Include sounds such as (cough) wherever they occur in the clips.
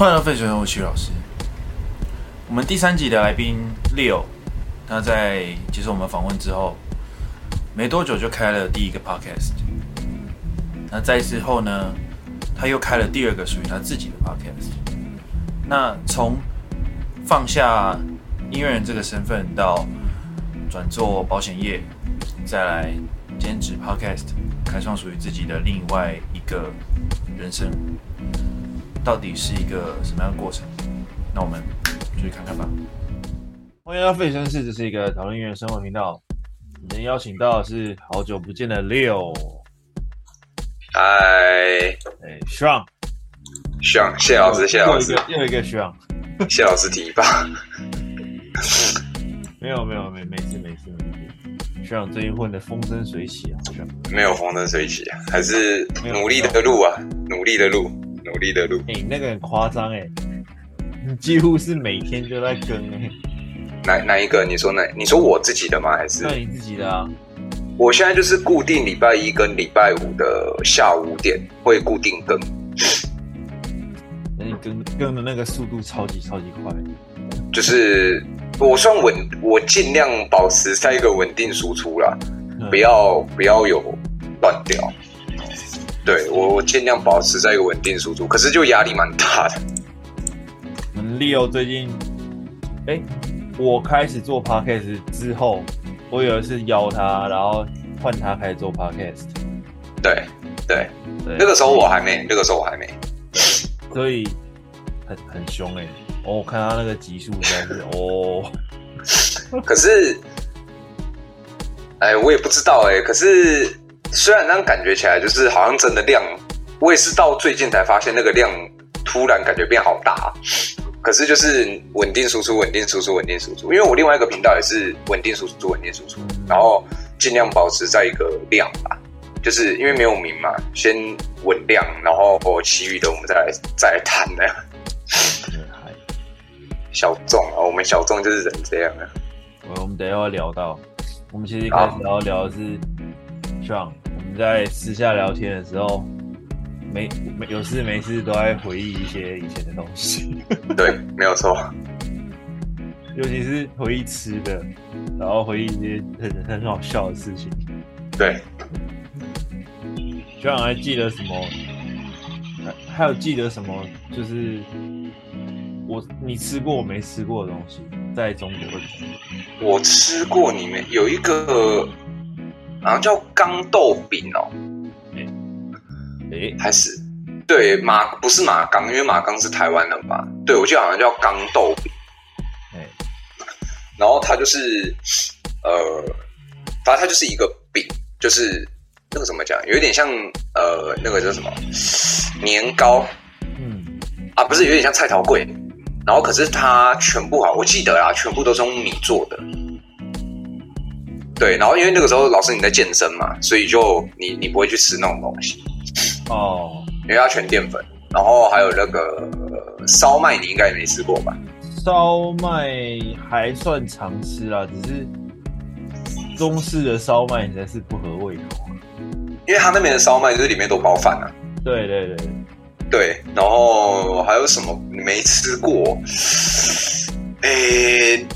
歡迎費雪，我是騎慾老師。我們第三集的來賓 Leo，他在接受我們訪問之後，沒多久就開了第一個 podcast。那在之後呢，他又開了第二個屬於他自己的 podcast。那從放下音樂人這個身份，到轉做保險業，再來兼職 podcast，開創屬於自己的另外一個人生。到底是一個什麼樣的過程？那我們出去看看吧。歡迎到費雪紳士，這是一個討論音樂生活頻道。今天邀請到的是好久不見的 Leo。Hi，哎 Sean、hey, Sean 謝老師，謝老師，又，又，又一個 Sean (laughs) 謝老師提拔 (laughs) 。沒有沒有沒沒事沒事沒事 Sean 最近混得風生水起啊。Sean, 起啊沒有風生水起啊，還是努力的路啊，有努力的路啊努力的路。努力的路，哎、欸，那個很誇張哎，你幾乎是每天都在更、欸、哪哪一個？你說那，你說我自己的嗎？還是你自己的啊？我現在就是固定禮拜一跟禮拜五的下午五點會固定更，那、欸、你跟跟的那個速度超級超級快，就是我算穩，我儘量保持在一個穩定輸出啦、嗯，不要不要有斷掉。對我，我盡量保持在一個穩定輸出，可是就壓力蠻大的。能力哦，Leo、最近，哎，我開始做 Podcast 之後，我以為是邀他，然後換他開始做 Podcast。對對對，那個時候我還沒，以那個時候我還沒，所以很很凶哎、欸。我、哦、看他那個級數，真是 (laughs) 哦。可是，哎，我也不知道哎、欸，可是。雖然那樣感覺起來，就是好像真的量，我也是到最近才發現那個量突然感覺變好大。可是就是穩定輸出，穩定輸出，穩定輸出。因為我另外一個頻道也是穩定輸出，穩定輸出，嗯、然後盡量保持在一個量吧。就是因為沒有名嘛，先穩量，然後哦，其餘的我們再來再來談的。小眾啊，我們小眾就是人這樣啊。我們等一下要聊到，我們其實剛剛聊聊的是。啊 John，我們在私下聊天的時候，沒有時沒有事沒事都在回憶一些以前的東西。對，沒有錯。尤其是回憶吃的，然後回憶一些很很好笑的事情。對，居然還記得什麼？還有記得什麼？就是我你吃過我沒吃過的東西，在中國會。我吃過裡面有一個。好像叫缸豆餅哦，哎，哎，還是，對，馬不是馬缸，因為馬缸是台灣的嘛。對，我記得好像叫缸豆餅。嗯、哎，然後它就是，呃，反正它就是一個餅，就是那個怎麼講，有點像呃那個叫什麼年糕。嗯，啊不是，有點像菜頭粿，然後可是它全部啊，我記得啊，全部都是用米做的。對，然後因為那個時候老師你在健身嘛，所以就你你不會去吃那種東西哦，oh. 因為它全澱粉，然後還有那個燒麥，你應該也沒吃過吧？燒麥還算常吃啦，只是中式的燒麥應該是不合胃口，啊，因為他那邊的燒麥就是裡面都包飯啊。對對對對，然後還有什麼你沒吃過？誒、欸。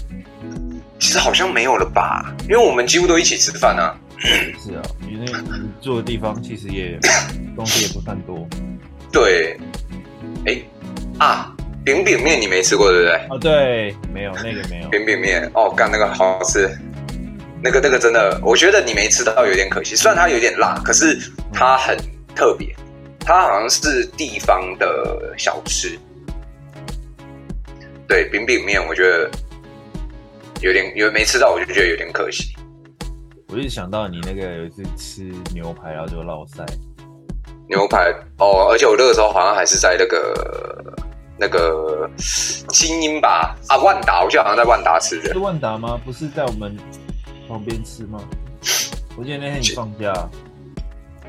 其實好像沒有了吧，因為我們幾乎都一起吃飯啊。是啊，你那住的地方其實也 (laughs) 東西也不算多。對，哎、欸、啊，餅餅麵你沒吃過對不對？哦對，沒有那個沒有餅餅麵哦，幹那個好吃，那個那個真的，我覺得你沒吃到有點可惜。雖然它有點辣，可是它很特別，它好像是地方的小吃。對，餅餅麵我覺得。有點有沒吃到，我就覺得有點可惜。我就想到你那個有一次吃牛排，然後就落塞。牛排哦，而且我那個時候好像還是在那個那個精英吧啊，萬達，我記得好像在萬達吃的。是萬達嗎？不是在我們旁邊吃嗎？我記得那天你放假。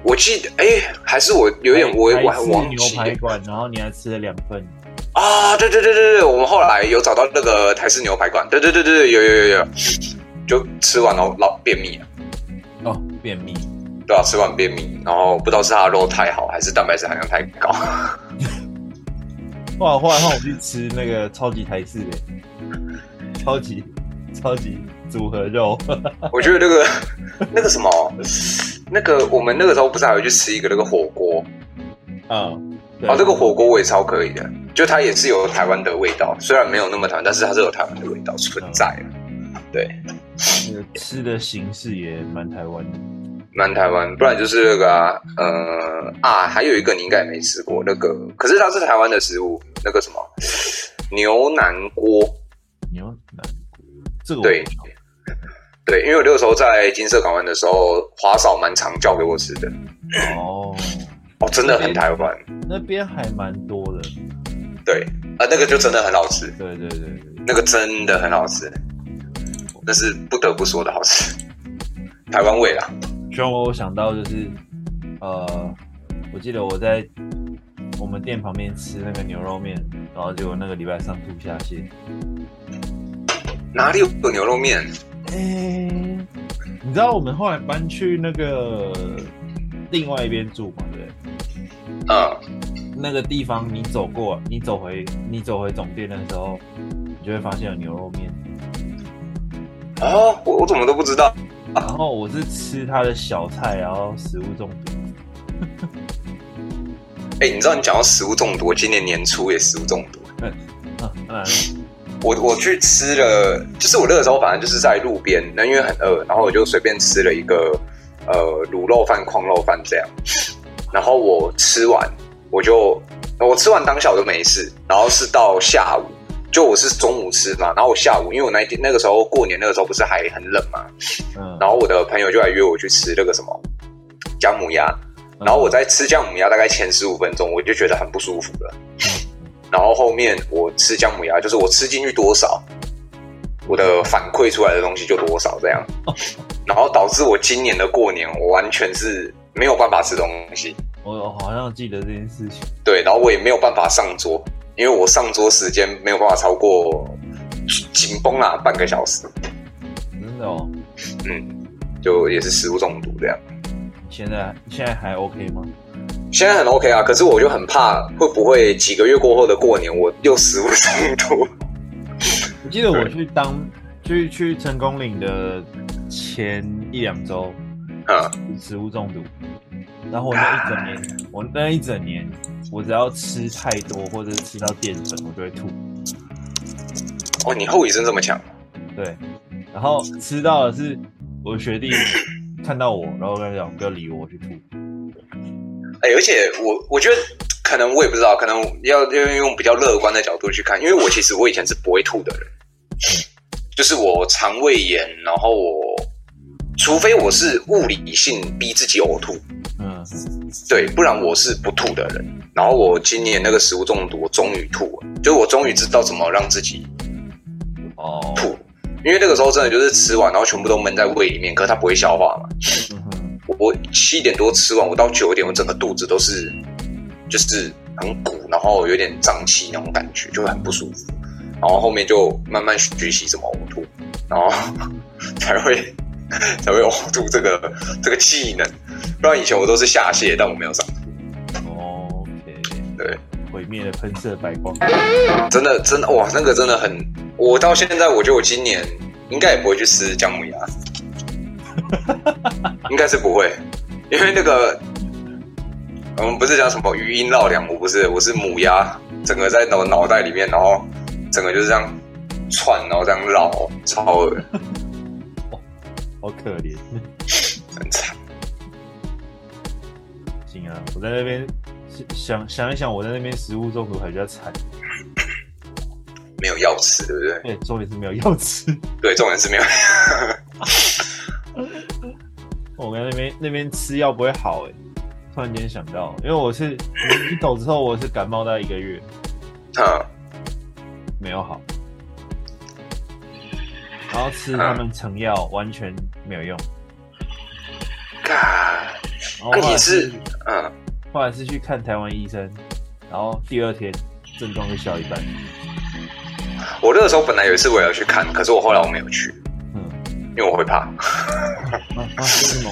我記得哎、欸，還是我有點、欸、我我還忘牛排館，然後你還吃了兩份。啊，對對對對對，我們後來有找到那個台式牛排館，對對對對對，有有有有，就吃完然後老便秘了，哦，便秘，對啊，吃完便秘，然後不知道是它的肉太好，還是蛋白質含量太高。哇，後來讓我去吃那個超級台式的， (laughs) 超級超級組合肉，我覺得那個那個什麼， (laughs) 那個我們那個時候不是還有去吃一個那個火鍋？啊，啊、oh, 哦，這個火鍋我也超可以的，就它也是有台灣的味道，雖然沒有那麼台灣，但是它是有台灣的味道存在的。oh. 對，吃的形式也蠻台灣的，蠻台灣。不然就是那個、啊，呃啊，還有一個你應該沒吃過那個，可是它是台灣的食物，那個什麼牛腩鍋，牛腩鍋，腩鍋這個、對對，因為我那個時候在金色港灣的時候，華嫂蠻常教給我吃的。哦。Oh. 哦，真的很台灣，那邊還蠻多的。對，啊、呃，那個就真的很好吃。對，對對對，那個真的很好吃，那是不得不說的好吃。台灣味啊，讓、嗯、我想到就是，呃，我記得我在我們店旁邊吃那個牛肉麵，然後就那個禮拜上吐下瀉。哪裡有牛肉麵？哎、嗯，你知道我們後來搬去那個另外一邊住嗎？嗯，那個地方你走過，你走回你走回總店的時候，你就會發現有牛肉麵。哦，我我怎麼都不知道。然後我是吃他的小菜，然後食物中毒。哎 (laughs) 欸，你知道你講到食物中毒，今年年初也食物中毒、嗯。嗯，我我去吃了，就是我那時候反正就是在路邊，那因為很餓，然後我就隨便吃了一個呃滷肉飯、礦肉飯這樣。然後我吃完，我就我吃完當下我就沒事。然後是到下午，就我是中午吃嘛。然後我下午，因為我那天那個時候過年那個時候不是還很冷嘛，然後我的朋友就來約我去吃那個什麼薑母鴨。然後我在吃薑母鴨大概前十五分鐘，我就覺得很不舒服了。然後後面我吃薑母鴨，就是我吃進去多少，我的反饋出來的東西就多少這樣。然後導致我今年的過年，我完全是。沒有辦法吃東西，我好像記得這件事情。對，然後我也沒有辦法上桌，因為我上桌時間沒有辦法超過緊繃啊，半個小時。真的哦，嗯，就也是食物中毒這樣。現在現在還 OK 嗎？現在很 OK 啊，可是我就很怕會不會幾個月過後的過年我又食物中毒。你記得我去當對去去成功嶺的前一兩周。啊！食物中毒，然後我那一整年，啊、我那一整年，我只要吃太多或者是吃到澱粉，我就會吐。哦，你後遺症這麼強？對。然後吃到的是，我學弟看到我， (coughs) 然後跟他講不要理我，我去吐。哎、欸，而且我我覺得可能我也不知道，可能要要用比較樂觀的角度去看，因為我其實我以前是不會吐的人，就是我腸胃炎，然後我。除非我是物理性逼自己嘔吐，嗯，對，不然我是不吐的人。然後我今年那個食物中毒，我終於吐了，就我終於知道怎麼讓自己哦吐，哦因為那個時候真的就是吃完，然後全部都悶在胃裡面，可是它不會消化嘛。嗯哼，我七點多吃完，我到九點，我整個肚子都是就是很鼓，然後有點脹氣那種感覺，就很不舒服。然後後面就慢慢學習怎麼嘔吐，然後才會。 (laughs) 才會糊塗這個這個技能，不然以前我都是下瀉，但我沒有上吐。哦。Okay. 對，對，毀滅的噴射白光， (noise) 真的真的哇，那個真的很，我到現在我覺得我今年應該也不會去吃薑母鴨， (laughs) 應該是不會，因為那個我們不是講什麼餘音繞梁？我不是，我是母鴨，整個在腦腦袋裡面，然後整個就是這樣串，然後這樣繞，超。 (laughs) 好可憐，很慘慘。行啊，我在那邊想想一想，我在那邊食物中毒還比較慘，沒有藥吃，對不對？欸、對，重點是沒有藥 (laughs) 吃。對，重點是沒有。我在那邊那邊吃藥不會好哎、欸，突然間想到，因為我是我一走之後，我是感冒，大概一個月啊，嗯、沒有好。然後吃他們成藥，嗯、完全沒有用，啊，或你是嗯，啊、後來是去看台灣醫生，嗯、然後第二天症狀就消一半。我那個時候本來有一次我要去看，可是我後來我沒有去，嗯，因為我會怕。是嗎？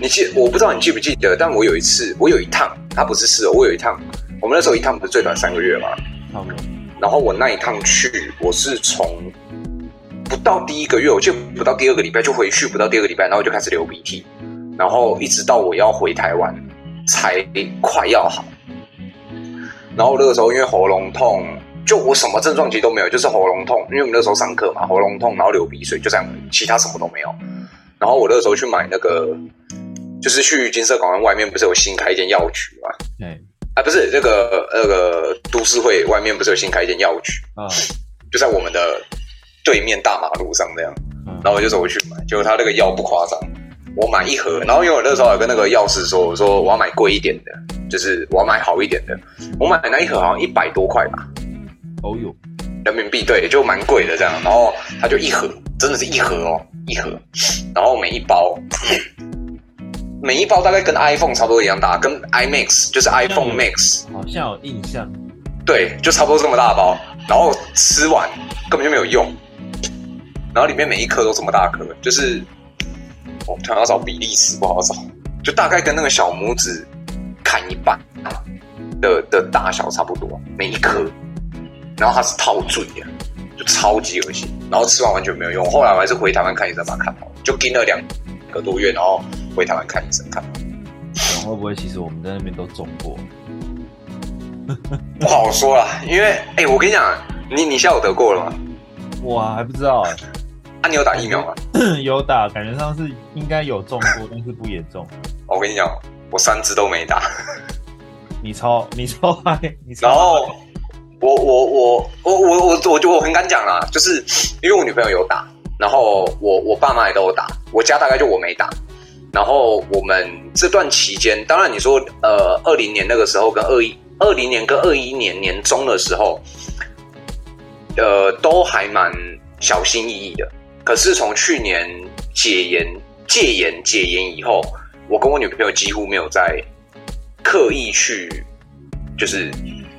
你記，我不知道你記不記得，但我有一次，我有一趟，他不是試，我有一趟，我們那時候一趟不是最短三個月嗎？好吧。然後我那一趟去，我是從。不到第一個月，我就不到第二個禮拜就回去，不到第二個禮拜，然後就開始流鼻涕，然後一直到我要回台灣才快要好。然後那個時候因為喉嚨痛，就我什麼症狀其實都沒有，就是喉嚨痛，因為我們那個時候上課嘛，喉嚨痛，然後流鼻水，就這樣，其他什麼都沒有。然後我那個時候去買那個，就是去金色港灣外面不是有新開一間藥局嘛？對，Okay. 啊，不是那個那個都市會外面不是有新開一間藥局？Oh. 就在我們的。對面大馬路上這樣，然後我就走去買。結果他那個藥不誇張，我買一盒。然後因為我那時候有跟那個藥師說，我說我要買貴一點的，就是我要買好一點的。我買那一盒好像一百多塊吧。哦呦，人民幣對，就蠻貴的這樣。然後他就一盒，真的是一盒哦，一盒。然後每一包， (laughs) 每一包大概跟 iPhone 差不多一樣大，跟 iMax 就是 iPhone Max。好像有印象。對，就差不多這麼大包。然後吃完根本就沒有用。然後裡面每一顆都這麼大顆，就是我突然要找比利時不好找，就大概跟那個小拇指砍一半的的，的大小差不多每一顆，然後它是套嘴的、啊，就超級噁心，然後吃完完全沒有用。後來我還是回台灣看醫生把它看好，就盯了兩個多月，然後回台灣看醫生看。會不會其實我們在那邊都中過？不好說啦，因為哎，我跟你講，你你下午得過了嗎？我還不知道。啊，你有打疫苗嗎？有打，感覺上是應該有中過，但是不嚴重。 (laughs) 我跟你講，我三支都沒打。 (laughs) 你超，你超，你超，然後我我我我我我我就我很敢講啦，就是因為我女朋友有打，然後我我爸媽也都有打，我家大概就我沒打。然後我們這段期間，當然你說呃二零年那個時候跟二一二零年跟二一年年中的時候，呃，都還蠻小心翼翼的。可是從去年解嚴、戒嚴、解嚴以後，我跟我女朋友幾乎沒有再刻意去，就是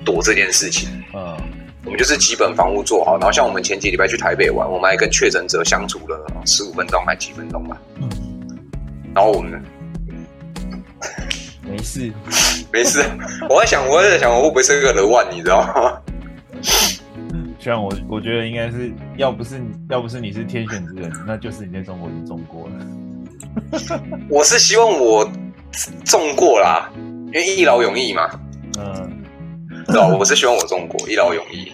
躲這件事情。嗯，嗯，我們就是基本防護做好。然後像我們前幾禮拜去台北玩，我們還跟確診者相處了十五分鐘，還幾分鐘吧。嗯，然後我們沒事、嗯，沒事。我在想，我在想，我會不會是生個人玩？你知道嗎？像我，我覺得應該是要不是，要不是你是天選之人，那就是你在中國就中過。 (laughs) 我是希望我中過啦，因為一勞永逸嘛。嗯不，對我不是希望我中過， (laughs) 一勞永逸。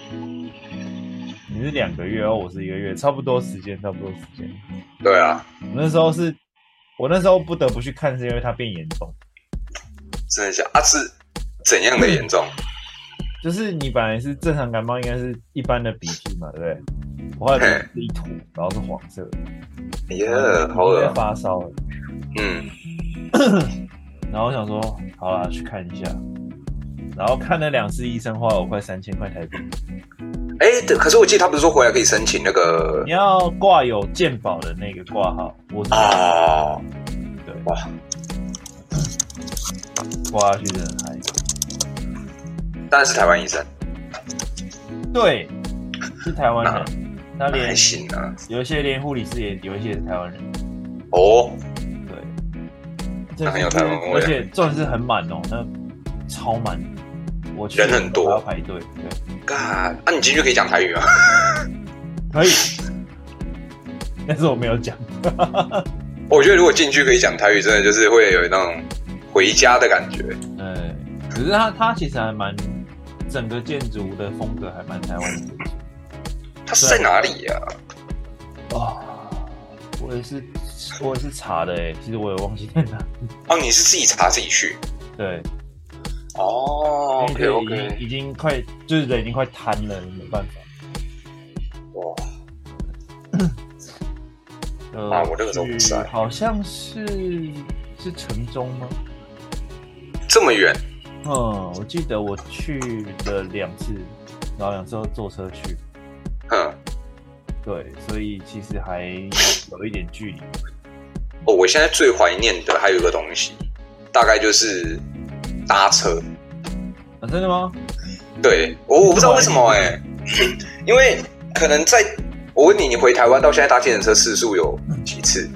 你是兩個月，我是一個月，差不多時間，差不多時間。對啊，我那時候是我那時候不得不去看，是因為它變嚴重。真的是啊，是怎樣的嚴重？就是你本來是正常感冒，應該是一般的鼻涕嘛，對不對？後來是一吐，嗯、然後是黃色的，耶，好熱，發燒了，嗯，然後我想說，好了，去看一下，然後看了兩次醫生，花了快三千塊台幣。哎、欸嗯，可是我記得他不是說回來可以申請那個？你要掛有健保的那個掛號，我啊，哦、對，對，哇掛下去真的還。但是台灣醫生，對，是台灣人，那他連那還行，啊、有一些連護理師也有一些也是台灣人哦，對，他很有台灣味，對而且重點是很滿哦，那超滿，我人很多，要排隊，對幹那，啊、你進去可以講台語啊，可以， (laughs) 但是我沒有講， (laughs) 我覺得如果進去可以講台語，真的就是會有那種回家的感覺，對可是他他其實還蠻。整個建築的風格還蠻台灣的。嗯、對它是在哪裡呀、啊？哦，我也是，我也是查的哎，其實我也忘記在哪。哦、啊，你是自己查自己去？對。哦。欸、OK OK。已經快，就是人已經快癱了，沒辦法。哇。呃、 (laughs) 啊，我這個都不是、啊。好像是是城中嗎？這麼遠。嗯、哦，我記得我去了兩次，然後兩次坐車去。哼，對，所以其實還有，有一點距離。哦，我現在最懷念的還有一個東西，大概就是搭車。啊、真的嗎？對，我、哦、我不知道為什麼哎、欸，因為可能在……我問你，你回台灣到現在搭計程車次數有幾次？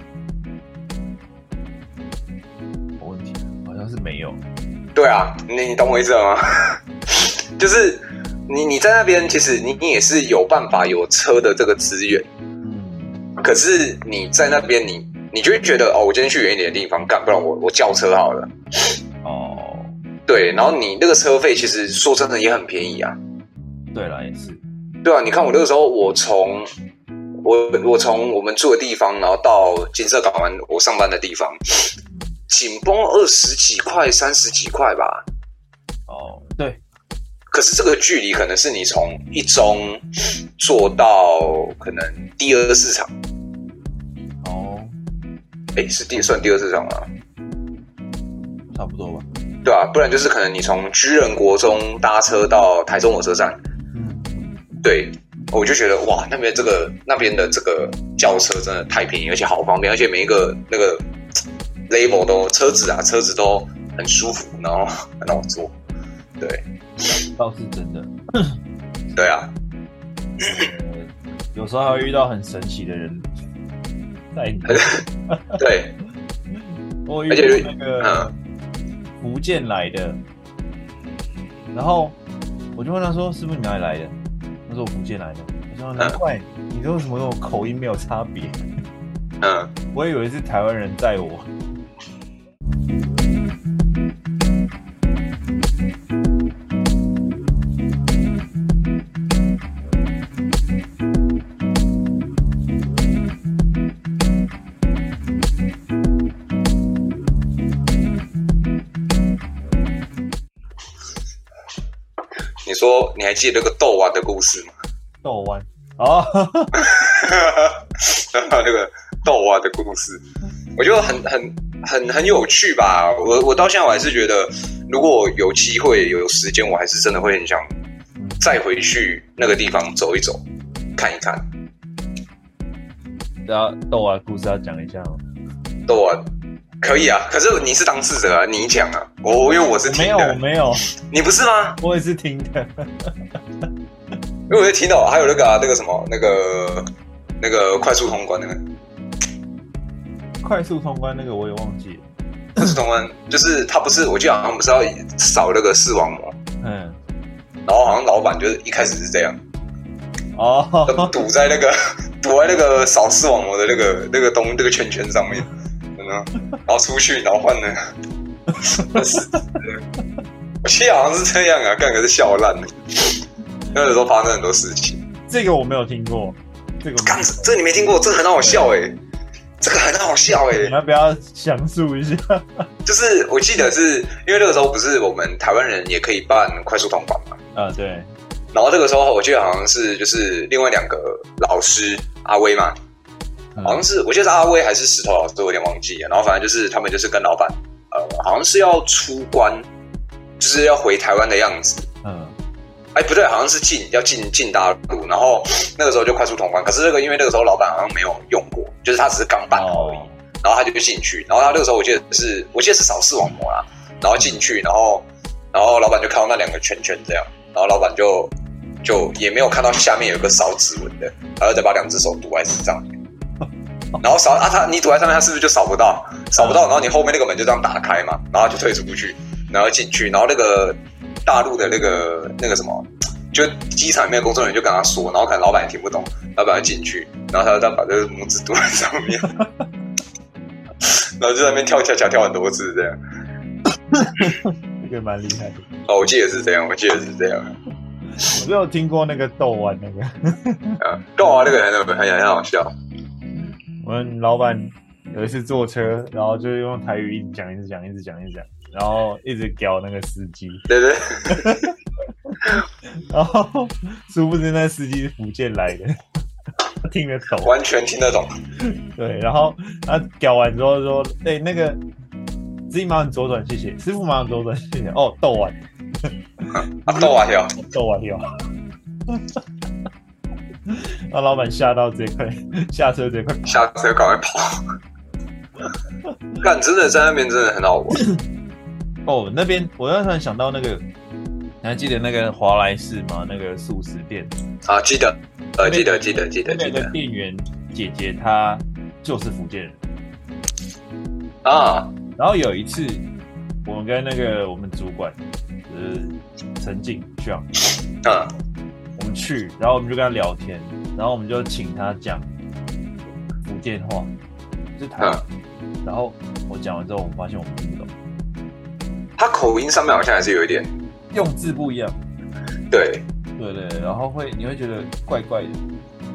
對啊，你你懂我意思了嗎？ (laughs) 就是你你在那邊，其實你你也是有辦法有車的這個資源，可是你在那邊你，你你就會覺得哦，我今天去遠一點的地方幹，不然我我叫我車好了。哦，對，然後你那個車費其實說真的也很便宜啊。對啦，也是。對啊，你看我那個時候，我從我我從我們住的地方，然後到金色港灣我上班的地方。緊繃二十幾塊、三十幾塊吧。哦，對。可是這個距離可能是你從一中坐到可能第二市場。哦，哎、欸，是第算第二市場了。差不多吧。對啊，不然就是可能你從居仁國中搭車到台中火車站。嗯、對，我就覺得哇，那邊這個那邊的這個轎車真的太便宜，而且好方便，而且每一個那個。Label 都車子啊，車子都很舒服，然後很好坐。對，倒是真的。 (laughs) 對啊、呃，有時候還會遇到很神奇的人帶你。 (laughs) (laughs) 對，我遇到那個福建來的，然後我就問他說：“是不是你哪裡來的？”嗯、他、嗯、說：“我福建來的。”我說：“難怪你為什麼跟我口音沒有差別？”嗯， (laughs) 我也以為是台灣人帶我。你還記得那個豆蛙的故事嗎？豆蛙瓦啊，oh. (laughs) (laughs) 那個豆蛙的故事，我覺得很很很很有趣吧。我我到現在我還是覺得，如果有機會有，有時間，我還是真的會很想再回去那個地方走一走，看一看。要豆蛙的故事要講一下哦，豆蛙。可以啊，可是你是當事者啊，你講啊，我、哦、因為我是聽的，沒有沒有，沒有你不是嗎？我也是聽的， (laughs) 因為我也聽到，還有那個、啊、那個什麼那個那個快速通關那個，快速通關那個我也忘記了，快速通關就是他不是，我記得好像不是要掃那個視網膜，嗯，然後好像老板就是一開始是這樣，哦，堵、那個，堵在那個堵在那個掃視網膜的那個那個東那個圈圈上面。然後出去，然後換了， (laughs) (laughs) 我記得好像是這樣啊 g a n 是笑爛 (laughs) 那的那個時候發生了很多事情，這個我沒有聽過，這個 g 這你沒聽過，這個很好笑哎，、欸，對這個很好笑哎，、欸，你要不要詳述一下？就是我記得是因為那個時候不是我們台灣人也可以辦快速通關嘛？啊、嗯、對，然後這個時候我記得好像是就是另外兩個老師阿威嘛。好像是我記得是阿威還是石頭老師都有點忘記了，然後反正就是他們就是跟老闆，呃，好像是要出關，就是要回台灣的樣子，嗯，哎、欸、不對，好像是進要進進大陸，然後那個時候就快速通關，可是那個因為那個時候老闆好像沒有用過，就是他只是港版而已，哦、然後他就進去，然後他那個時候我記得是，我記得是掃視網膜啦、啊，然後進去，然後然後老闆就看到那兩個圈圈這樣，然後老闆就就也沒有看到下面有個掃指紋的，然後再把兩隻手堵在身上。然後掃啊，他你堵在上面，他是不是就掃不到？掃不到，然後你後面那個門就這樣打開嘛，然後就退出不去，然後進去，然後那個大陸的那個那個什麼，就機場裡面的工作人員就跟他說，然後可能老闆也聽不懂，老闆要進去，然後他就這樣把這個拇指堵在上面， (laughs) 然後就在那邊跳跳跳跳很多次，這樣， (laughs) 這個蠻厲害的。哦、啊，我記得是這樣，我記得是這樣。 (laughs) (laughs) 我只有聽過那個逗玩、， (laughs) 啊、玩那個，逗玩那個還還還很好笑。我們老板有一次坐車，然後就用台語一直講，一直講，一直講，一直講，然後一直屌那個司機。對,對對。 (laughs) 然後，殊不知那司機是福建來的，他聽得懂，完全聽得懂。對，然後他屌完之後說：“哎、欸，那個司機馬上左轉，謝謝。師傅馬上左轉，謝謝。”哦，逗我？啊，逗我屌，逗我屌。啊完 (laughs) 那、啊、老闆嚇到這，這塊下車這，這塊下車，趕快跑！ (laughs) 真的在那邊真的很好玩哦！那邊我突然想到那個，你還記得那個華萊士嗎？那個素食店啊。記得，呃、那個，記得，記得，記得那個店員姐姐她就是福建人啊。然後有一次，我們跟那個我們主管、就是陳靜需要啊。去，然後我們就跟他聊天，然後我們就請他講福建話，是台語。嗯、然後我講完之後，我發現我們聽不懂。他口音上面好像還是有一點，用字不一樣。對對對，然後會你會覺得怪怪的，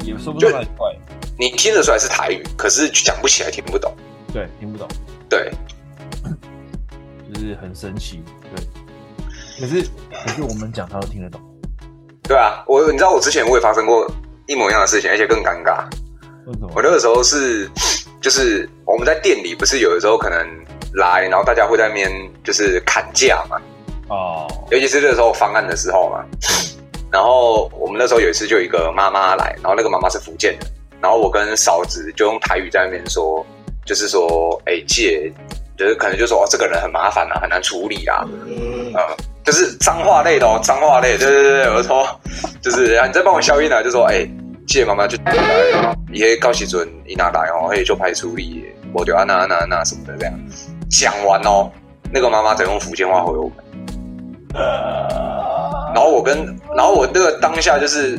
也說不出來怪。你聽得出來是台語，可是講不起來，聽不懂。對，聽不懂。對，就是很神奇。對，可是可是我們講，他都聽得懂。對啊，我你知道我之前我也發生過一模一樣的事情，而且更尷尬。我那個時候是就是我們在店裡，不是有的時候可能來，然後大家會在那邊就是砍價嘛。哦，oh. 尤其是那個時候方案的時候嘛。 (laughs) 然後我們那時候有一次就有一個媽媽來，然後那個媽媽是福建的，然後我跟嫂子就用台語在那邊說，就是說，哎，借。就是可能就說哦，這個人很麻煩啊，很難處理啊，Okay. 嗯。就是髒話類的哦，髒話類，對對對對，我說就是，啊你再幫我消音來，就說哎，謝、欸、謝媽媽就來，爺爺告起準你拿來哦，哎就拍處理，我就安娜安娜安娜什麼的這樣，講完哦，那個媽媽才用福建話回我們，然後我跟，然後我那個當下就是，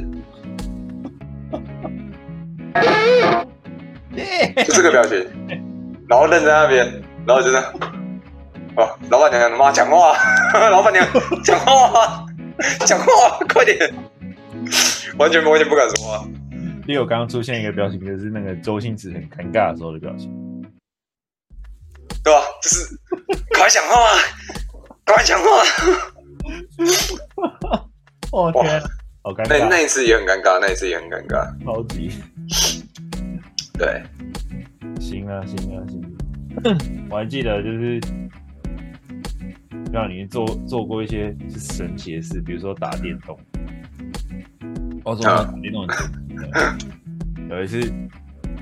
就這個表情，然後愣在那邊，然後就這樣。哦，老闆娘，你媽講話，呵呵老闆娘講話， (laughs) 講話，講話，快點，完全不完全不敢說話。因為我剛剛出現一個表情，就是那個周星馳很尷尬的時候的表情，對吧、啊？就是快講話，快講話，我天 (laughs) Okay. 哇，好尷尬。那那一次也很尷尬，那一次也很尷尬，超級急。 (laughs) 對，行了、啊，行了、啊，行了、啊， (laughs) 我還記得就是。讓你做做過一些神奇的事，比如說打電動。啊！打電動的、啊，有一次，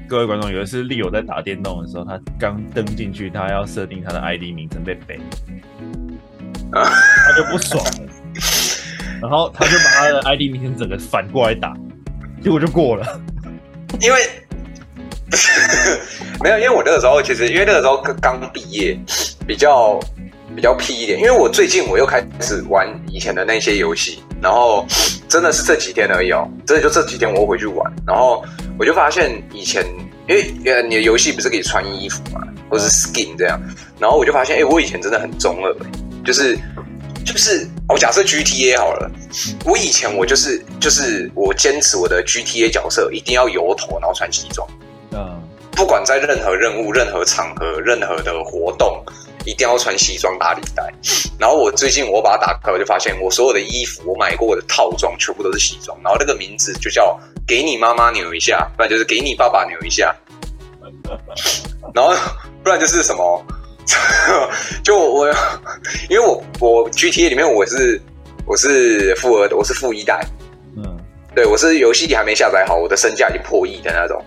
各位觀眾，有一次 Leo 在打電動的時候，他剛登進去，他要設定他的 ID 名稱被背，他就不爽了。然後他就把他的 ID 名稱整個反過來打，結果就過了。因為沒有，因為我那個時候其實，因為那個時候剛畢業，比較。比較屁一點，因為我最近我又開始玩以前的那些遊戲，然後真的是這幾天而已哦，真的就這幾天我回去玩，然後我就發現以前，因為你的遊戲不是可以穿衣服嘛，或者是 skin 這樣，然後我就發現，哎、欸，我以前真的很中二、欸，就是就是，我假設 G T A 好了，我以前我就是就是我堅持我的 G T A 角色一定要油頭，然後穿西裝，嗯，不管在任何任務、任何場合、任何的活動。一定要穿西裝打領帶。然後我最近我把它打開，我就發現我所有的衣服，我買過我的套裝全部都是西裝。然後那個名字就叫“給你媽媽扭一下”，不然就是“給你爸爸扭一下”。 (laughs) 然後不然就是什麼， (laughs) 就我，因為我我 GTA 裡面我是我是富二代，我是富一代。對我是遊戲、嗯、裡還沒下載好，我的身價已經破億的那種。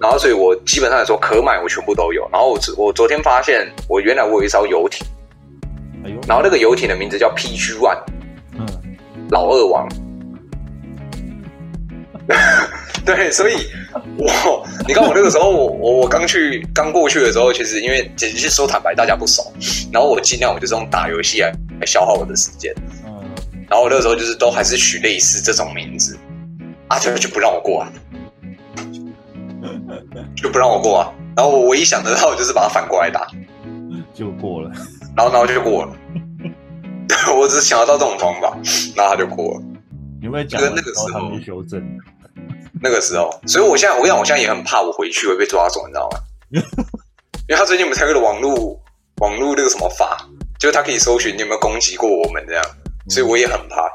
然後，所以我基本上來說可買我全部都有。然後我我昨天發現，我原來我有一艘遊艇，然後那個遊艇的名字叫 PG One，、嗯、老二王， (laughs) 對，所以我你看我那個時候我我剛去剛過去的時候，其實因為簡直是說坦白大家不熟，然後我儘量我就這種打遊戲來來消耗我的時間，然後我那個時候就是都還是取類似這種名字，啊，就就不讓我過。就不讓我過啊，然後我唯一想得到，就是把他反過來打，就過了，然後然後就過了， (laughs) 我只是想要到這種方法，然後他就過了。因為覺得那個時候那個時候，所以我現在，我跟你講我現在也很怕，我回去會被抓走，你知道嗎？ (laughs) 因為他最近我們開了網路網路那個什麼法，就是他可以搜尋你有沒有攻擊過我們這樣，所以我也很怕。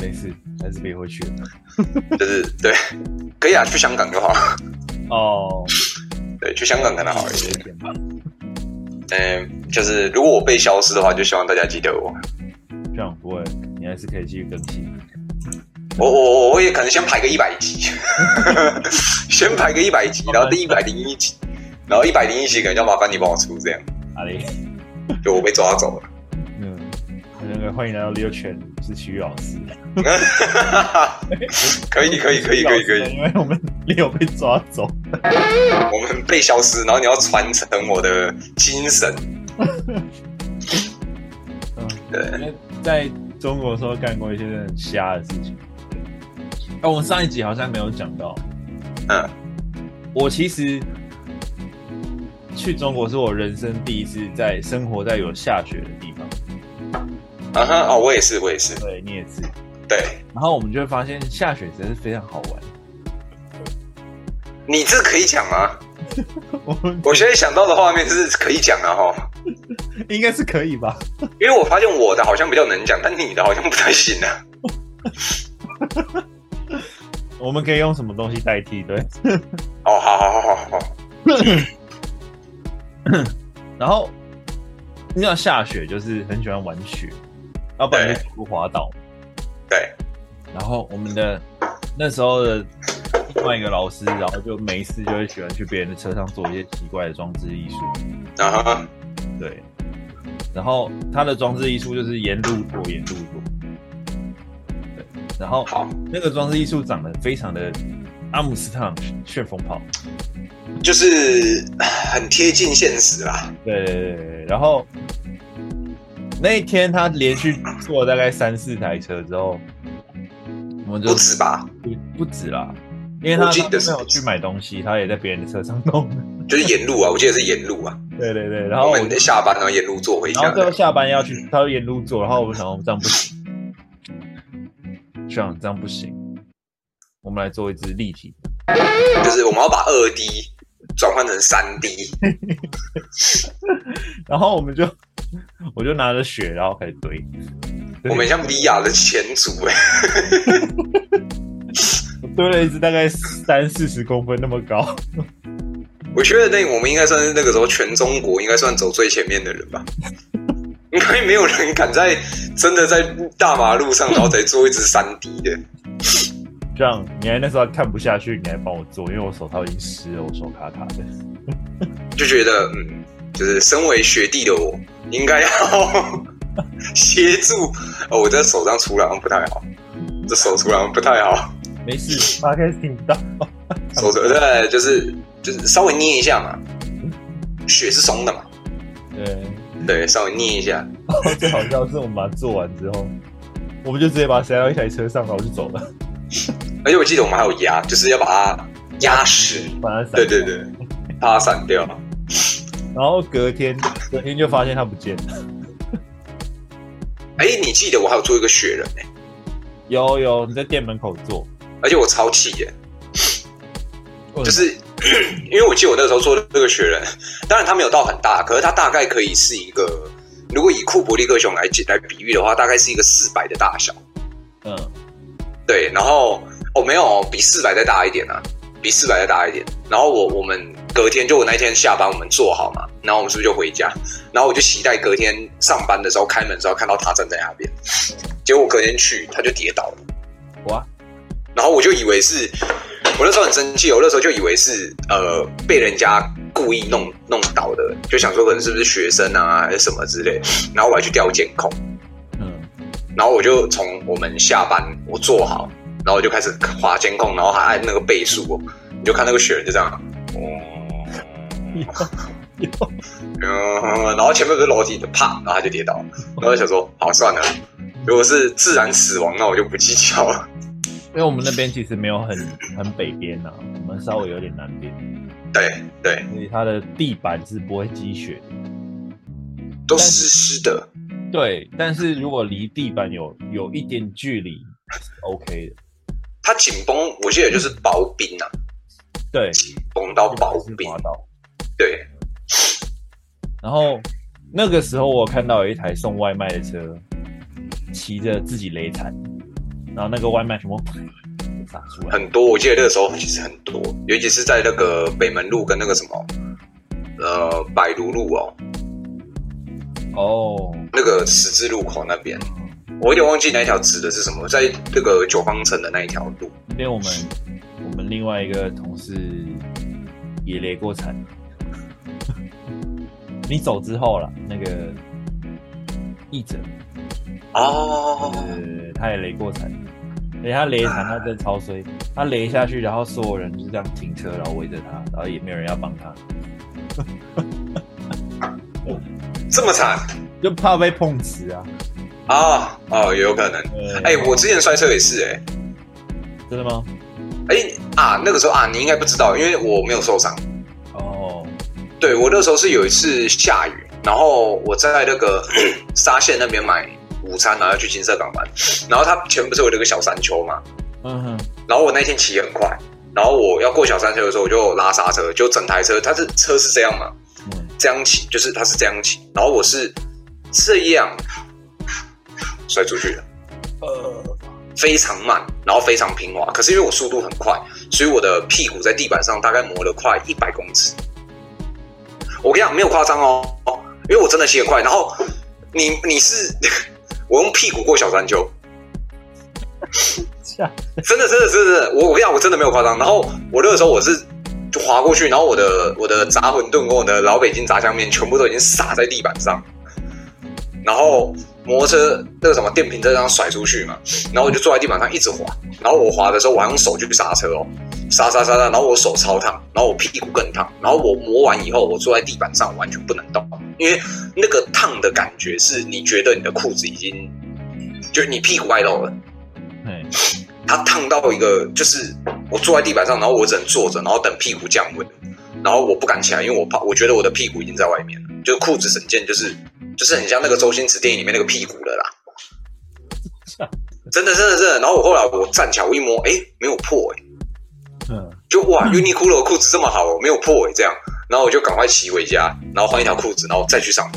沒事，但是別回去就是對。可以啊，去香港就好。哦，oh，對，去香港可能好一些。嗯，就是如果我被消失的話，就希望大家記得我。這樣不會，你還是可以繼續更新。我我我，我也可能先排個一百集， (laughs) 先排個一百集， (laughs) 集，然後第一百零一集，然後一百零一集可能就要麻煩你幫我出這樣。好的，就我被抓走了。 (laughs) 那個歡迎來到 Leo Chat，是騎慾老師。可以可以可以可以可以，可以可以可以，因為我們 Leo 被抓走，我們被消失，然後你要傳承我的精神。對，在中國的時候幹過一些很瞎的事情。那 (laughs) 我們上一集好像沒有講到。嗯，我其實去中國是我人生第一次在生活在有下雪的地方。啊哈！哦、uh，huh, oh, 我也是，我也是。對，你也是，對，然後我們就會發現下雪真是非常好玩。你這可以講嗎？ (laughs) 我現在想到的畫面是可以講啊齁。哈， (laughs) 應該是可以吧？因為我發現我的好像比較能講，但你的好像不太行啊。 (laughs) (laughs) 我們可以用什麼東西代替？對。哦，好好好好好然後，你知道下雪，就是很喜歡玩雪。要不然就起滑倒。對。然後我們的那時候的另外一個老師，然後就每一次就會喜歡去別人的車上做一些奇怪的裝置藝術。啊、uh？Huh. 對。然後他的裝置藝術就是沿路拖，沿路拖。對。然後好、uh huh. 啊，那個裝置藝術長得非常的阿姆斯特朗旋風炮，就是很貼近現實啦。對，然後。那一天，他連續坐了大概三四台車之後，我們就不止吧？不不止啦，因為他記得他沒有去買東西，他也在別人的車上弄，就是沿路啊。我記得是沿路啊。 (laughs) 對對對，然後我們下班，然後沿路坐回家，然後下班要去，他又沿路坐，然後我想想，這樣不行，這樣 (laughs) 這樣不行，我們來做一只立體，就是我們要把二 D 轉換成三 D， (laughs) (laughs) 然後我們就。我就拿着雪，然後開始堆。我們像 v i 的前祖哎，堆了一隻大概三四十公分那麼高。我覺得那我們應該算是那個時候全中國應該算走最前面的人吧。應該沒有人敢在真的在大馬路上，然後再做一隻三 D 的。這樣你還那時候看不下去，你還幫我做，因為我手套已經濕了，我手卡卡的，就覺得嗯。就是身為學弟的我，應該要協 (laughs) 助。哦，我在手上除狼不太好， (laughs) 我這手除狼不太好。沒事，把開給擰到。手在，就是就是稍微捏一下嘛，雪是鬆的嘛。對對，稍微捏一下。最 (laughs) 好笑是，我們把它做完之後，我們就直接把它塞到一台車上，然後我就走了。 (laughs) 而且我記得我們還有壓，就是要把它壓實。把對對對，把它散掉。 (laughs) 然後隔天，隔天就發現它不見了。哎、欸，你記得我還有做一個雪人哎、欸，有有，你在店門口做，而且我超氣耶、欸， (laughs) 就是因為我記得我那時候做的這個雪人，當然它沒有到很大，可是它大概可以是一個，如果以庫柏力克熊來來比喻的話，大概是一個四百的大小，嗯，對，然後哦沒有哦，比四百再大一點啊。比四百再大一點，然後我我們隔天就，我那天下班我們坐好嘛，然後我們是不是就回家？然後我就期待隔天上班的時候，開門的時候看到他站在那邊。結果我隔天去他就跌倒了。哇。然後我就以為是，我那時候很生氣，我那時候就以為是呃被人家故意弄弄倒的，就想說可能是不是學生啊還是什麼之類，然後我還去調監控，嗯，然後我就從我們下班我坐好。然後我就開始劃監控，然後他還按那個倍速，你就看那個雪就這樣。哦，然後前面有個樓梯就啪，然後他就跌倒了。然後我在想說，好算了，如果是自然死亡，那我就不計較了。因為我們那邊其實沒有很很北邊啊， (laughs) 我們稍微有點南邊。對對，對所以它的地板是不會積雪都是濕的是。對，但是如果離地板有有一點距離是，OK 的。它緊繃，我記得就是薄冰啊，對，繃到薄冰，對。然後那個時候，我看到有一台送外賣的車，騎着自己擂台。然後那個外賣什麼很多。我記得那個時候其實很多，尤其是在那個北門路跟那個什麼，呃，百廬路，路哦，哦、oh，那個十字路口那邊。我有點忘記那一條指的是什麼，在那個九方城的那一條路，被我們是我們另外一個同事也擂過慘。 (laughs) 你走之後了，那個易者哦，他也擂過慘，等他擂一、啊、他在超衰，他擂下去，然後所有人就這樣停車，然後圍着他，然後也沒有人要幫他。 (laughs) 啊哦、這麼慘，就怕被碰瓷啊。啊哦，也、哦、有可能。哎、欸，欸、我之前摔車也是哎、欸。真的嗎？哎啊，那個時候啊，你應該不知道，因為我沒有受傷。哦，對，我那時候是有一次下雨，然後我在那個 (coughs) 沙縣那邊買午餐，然後要去金色港灣。然後他前不是有那個小山丘嘛？嗯哼。然後我那天騎很快，然後我要過小山丘的時候，我就拉剎車，就整台車，它是車是這樣嘛？嗯、這樣騎就是它是這樣騎，然後我是這樣。摔出去了，呃，非常慢，然後非常平滑。可是因為我速度很快，所以我的屁股在地板上大概磨了快一百公尺。我跟你講，沒有誇張哦，哦因為我真的騎得快。然後你你是， (laughs) 我用屁股過小山丘， (laughs) 真的真的真的，我我跟你講，我真的沒有誇張。然後我那個時候我是就滑過去，然後我的我的炸餛飩跟我的老北京炸醬麵全部都已經撒在地板上，然後。摩托車那個什麼電瓶車，這樣甩出去嘛，然後我就坐在地板上一直滑，然後我滑的時候，我還用手去剎車哦，剎剎剎剎，然後我手超燙，然後我屁股更燙，然後我磨完以後，我坐在地板上完全不能動，因為那個燙的感覺是你覺得你的褲子已經就是你屁股外露了，它燙到一個就是我坐在地板上，然後我只能坐着，然後等屁股降溫，然後我不敢起來，因為我怕，我覺得我的屁股已經在外面了。就褲子神劍就是，就是很像那個周星馳電影裡面那個屁股的啦，真的真的真的。然後我後來我站起來我一摸，哎、欸，沒有破哎，嗯，就哇，UNIQLO 褲子這麼好，沒有破哎、欸，這樣。然後我就趕快騎回家，然後換一條褲子，然後再去上班。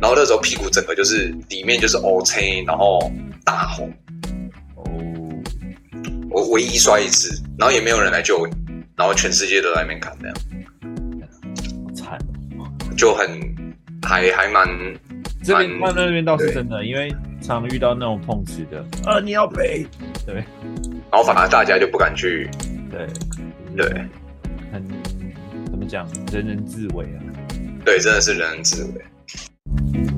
然後那時候屁股整個就是裡面就是黑青然後大紅。哦，我唯一摔一次，然後也沒有人來救我，然後全世界都在那邊看那樣。就很，還還蠻，這邊邊蠻那邊倒是真的，對因為常遇到那種碰瓷的，呃、啊，你要賠，對，然後反而大家就不敢去，對，就是、對，很，怎麼講，人人自危啊，對，真的是人人自危。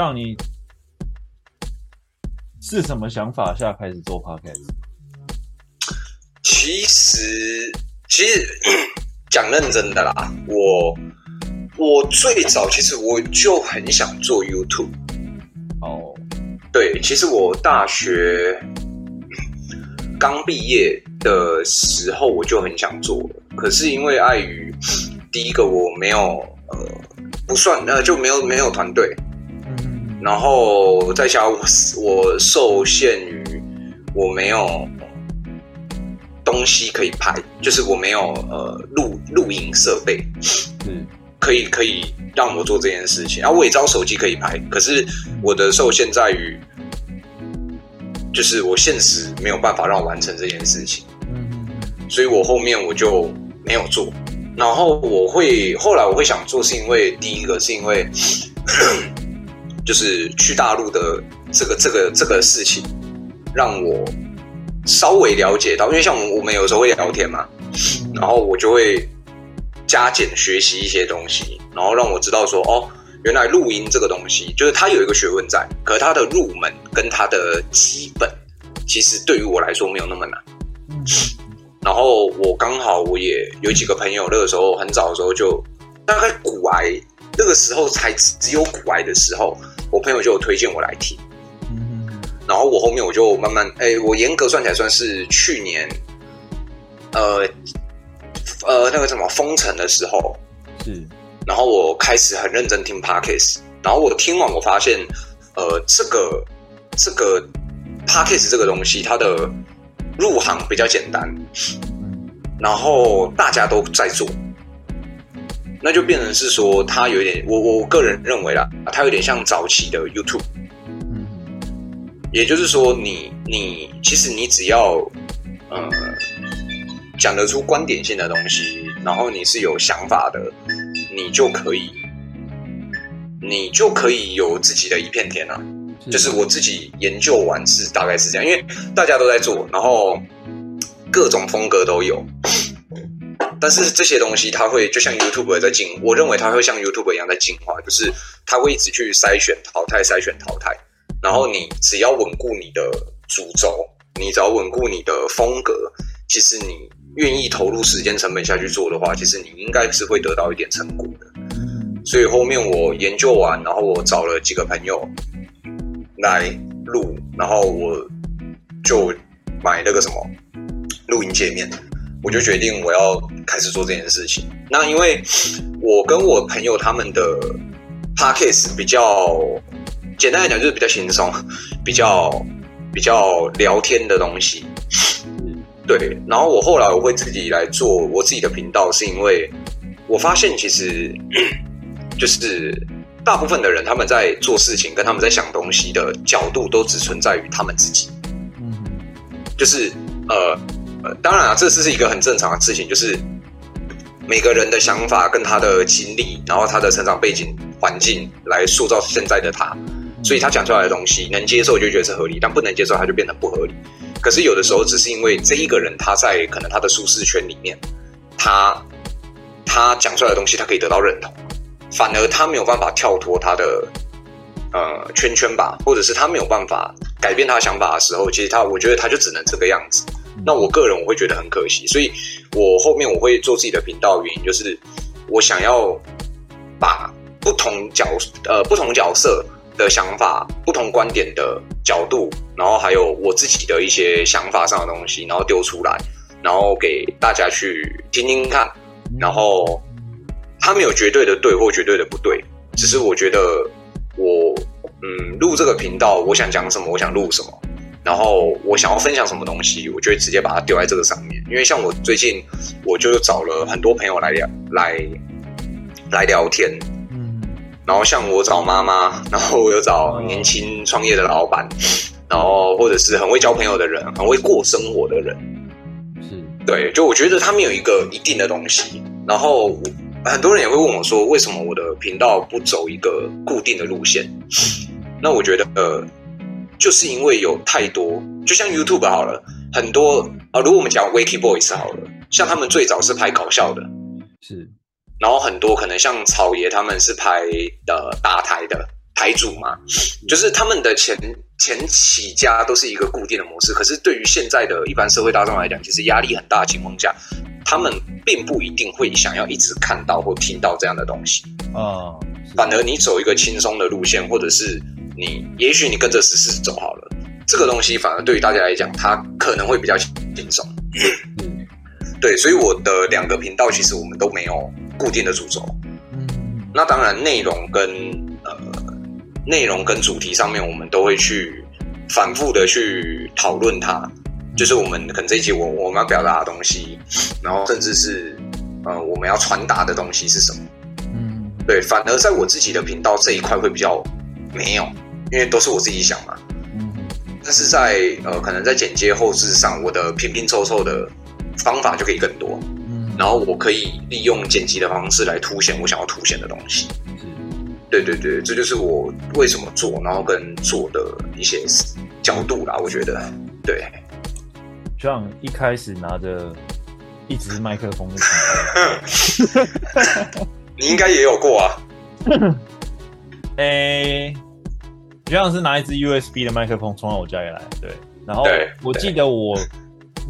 望你是什麼想法下開始做 Podcast？其實，其實講認真的啦，我我最早其實我就很想做 YouTube。哦、oh.，對，其實我大學剛畢業的時候我就很想做了，可是因為礙於第一個我沒有呃不算呃就沒有沒有團隊。然後在下，我我受限於我沒有東西可以拍，就是我沒有呃錄錄音設備，嗯，可以可以讓我做這件事情。然、啊、後我也知道手機可以拍，可是我的受限在於，就是我現實沒有辦法讓我完成這件事情，所以我後面我就沒有做。然後我會後來我會想做，是因為第一個是因為。 (laughs) 就是去大陸的這個這個這個事情，讓我稍微了解到，因為像我們我們有時候會聊天嘛，然後我就會加減學習一些東西，然後讓我知道說，哦，原來錄音這個東西，就是它有一個學問在，可是它的入門跟它的基本，其實對於我來說沒有那麼難。然後我剛好我也有幾個朋友，那個時候很早的時候就，大概古癌，那個時候才只有古癌的時候。我朋友就有推薦我來聽，然後我後面我就慢慢，哎，我嚴格算起來算是去年，呃，呃，那個什麼封城的時候，嗯是，然後我開始很認真聽 Podcast，然後我聽完我發現，呃，這個這個 Podcast 這個東西它的入行比較簡單，然後大家都在做。那就變成是說，它有點，我我個人認為啦，啊，它有點像早期的 YouTube，也就是說你，你你其實你只要，呃，講得出觀點性的東西，然後你是有想法的，你就可以，你就可以有自己的一片天啊，是的。就是我自己研究完是大概是這樣，因為大家都在做，然後各種風格都有。但是這些東西，它會就像 YouTube 在進，我認為它會像 YouTube 一樣在進化，就是它會一直去篩選淘汰、篩選淘汰。然後你只要穩固你的主軸，你只要穩固你的風格，其實你願意投入時間成本下去做的話，其實你應該是會得到一點成果的。所以後面我研究完，然後我找了幾個朋友來錄，然後我就買那個什麼錄音介面。我就決定我要開始做這件事情。那因為我跟我朋友他們的 podcast 比較簡單來講就是比較輕鬆，比較比較聊天的東西。對，然後我後來我會自己來做我自己的頻道，是因為我發現其實就是大部分的人他們在做事情跟他們在想東西的角度都只存在於他們自己。嗯，就是呃。當然啊，這是一個很正常的事情，就是每個人的想法跟他的經歷，然後他的成長背景環境來塑造現在的他，所以他講出來的東西能接受就覺得是合理，但不能接受他就變成不合理。可是有的時候只是因為這一個人他在可能他的舒適圈裡面，他他講出來的東西他可以得到認同，反而他沒有辦法跳脫他的，呃，圈圈吧，或者是他沒有辦法改變他的想法的時候，其實他，我覺得他就只能這個樣子。那我個人我會覺得很可惜，所以我後面我會做自己的頻道，原因就是我想要把不同角，呃，不同角色的想法、不同觀點的角度，然後還有我自己的一些想法上的東西，然後丟出來，然後給大家去聽聽看，然後他沒有絕對的對或絕對的不對，只是我覺得我，嗯，錄這個頻道，我想講什麼，我想錄什麼。然後我想要分享什麼東西，我就會直接把它丟在這個上面。因為像我最近，我就找了很多朋友來聊，來來聊天。嗯。然後像我找媽媽，然後我又找年輕創業的老闆，然後或者是很會交朋友的人，很會過生活的人。嗯是，對，就我覺得他們有一個一定的東西。然後很多人也會問我說：“為什麼我的頻道不走一個固定的路線？”那我覺得，呃。就是因為有太多，就像 YouTube 好了，很多啊、呃。如果我們講 WACKYBOYS 好了，像他們最早是拍搞笑的，是。然後很多可能像草爺他們是拍的大台的台主嘛，嗯、就是他們的前前起家都是一個固定的模式。可是對於現在的一般社會大眾來講，其實壓力很大的情況下，他們並不一定會想要一直看到或聽到這樣的東西啊。哦反而你走一個輕鬆的路線，或者是你也許你跟着時事走好了，這個東西反而對於大家來講，它可能會比較輕鬆。嗯，對，所以我的兩個頻道其實我們都沒有固定的主軸。那當然內容跟呃內容跟主題上面，我們都會去反覆的去討論它。就是我們可能這一集我我們要表達的東西，然後甚至是呃我們要傳達的東西是什麼。對，反而在我自己的頻道這一塊會比較沒有，因為都是我自己想嘛。嗯、但是在呃，可能在剪接後製上，我的拼拼湊湊的方法就可以更多。嗯、然後我可以利用剪輯的方式來凸顯我想要凸顯的東西。是對對對，這就是我為什麼做，然後跟做的一些角度啦。我覺得，對。像一開始拿着一支麥克風。 (laughs) (laughs) 你應該也有過啊，哎、 (laughs) 欸，就像是拿一支 USB 的麥克風衝到我家裡來，對，然後我記得我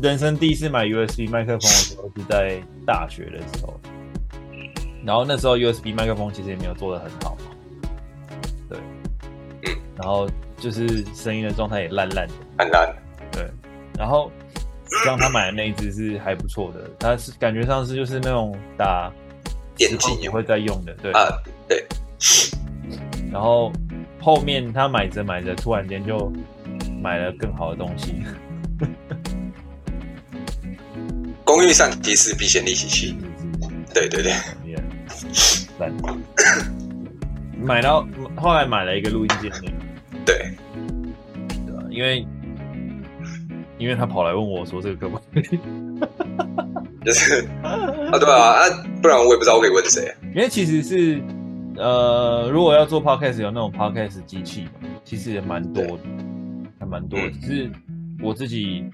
人生第一次買 USB 麥克風的時候是在大學的時候，然後那時候 USB 麥克風其實也沒有做得很好，對，然後就是聲音的狀態也爛爛的，爛，對，然後像他買的那一支是還不錯的，它是感覺上是就是那種打。電器也會在用的，對啊、呃，對。然後後面他買着買着，突然間就買了更好的東西。 (laughs) 工欲善其事，必先利其器，對對對。買到後來買了一個錄音機，對，對因為因為他跑來問我說，這個可不可以。 (laughs) 就是啊，對吧？啊，不然我也不知道我可以問誰。因為其實是，呃，如果要做 Podcast，有那種 Podcast 機器，其實也蠻多的，對還蠻多的。只是我自己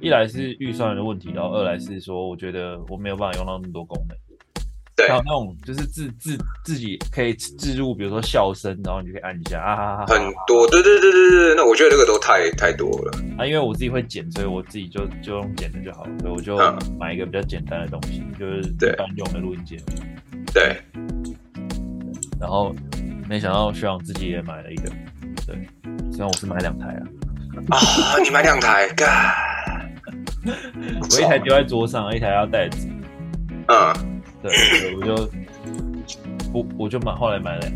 一來是預算的問題，然後二來是說，我覺得我沒有辦法用到那麼多功能。還有那種就是自自自己可以置入，比如說笑聲，然後你就可以按一下啊，很多，對對、啊、對對對，那我覺得這個都太太多了啊，因為我自己會剪，所以我自己就就用剪的就好了，所以我就買一個比較簡單的東西，啊、就是一般用的錄音機。對，然後沒想到學長自己也買了一個，對，雖然我是買兩台啊，啊，你買兩台，God, 我一台丟在桌上，啊、一台要帶嗯。啊對，我就不，我就買，後來買了。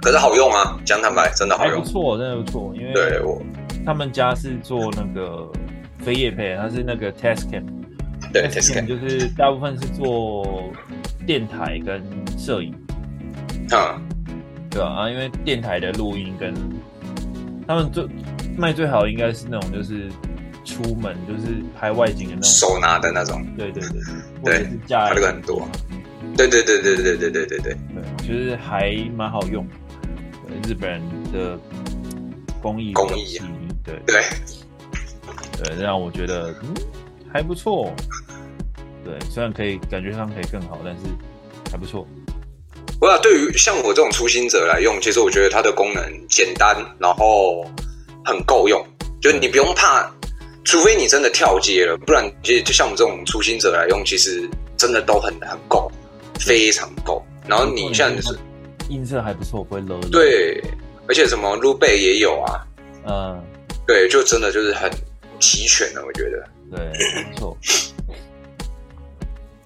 可是好用啊，講坦白真的好用，不錯，真的不錯。因為對我，他們家是做那個非業配，他是那個 testcam，testcam 對 test cam 就是大部分是做電台跟攝影。啊、嗯，對啊，因為電台的錄音跟他們最賣最好，應該是那種就是。出門就是拍外景的那種，手拿的那種。對，對對對，對，它這個很多。對對對對對對對對對，對，就是還蠻好用。日本人的工藝工藝、啊，對對對，對，對，讓我覺得對、嗯、還不錯。對，雖然可以感覺上可以更好，但是還不錯。不要對於、啊、像我這種初心者來用，其實我覺得它的功能簡單，然後很夠用，就你不用怕對對對。除非你真的跳街了，不然其實就像我們這種初心者來用，其實真的都很難夠，非常夠。嗯、然後你像就是、嗯嗯嗯嗯、音色還不錯，不會 low。對，而且什麼 Ruby 也有啊，嗯，對，就真的就是很齊全的、啊，我覺得。對，沒錯。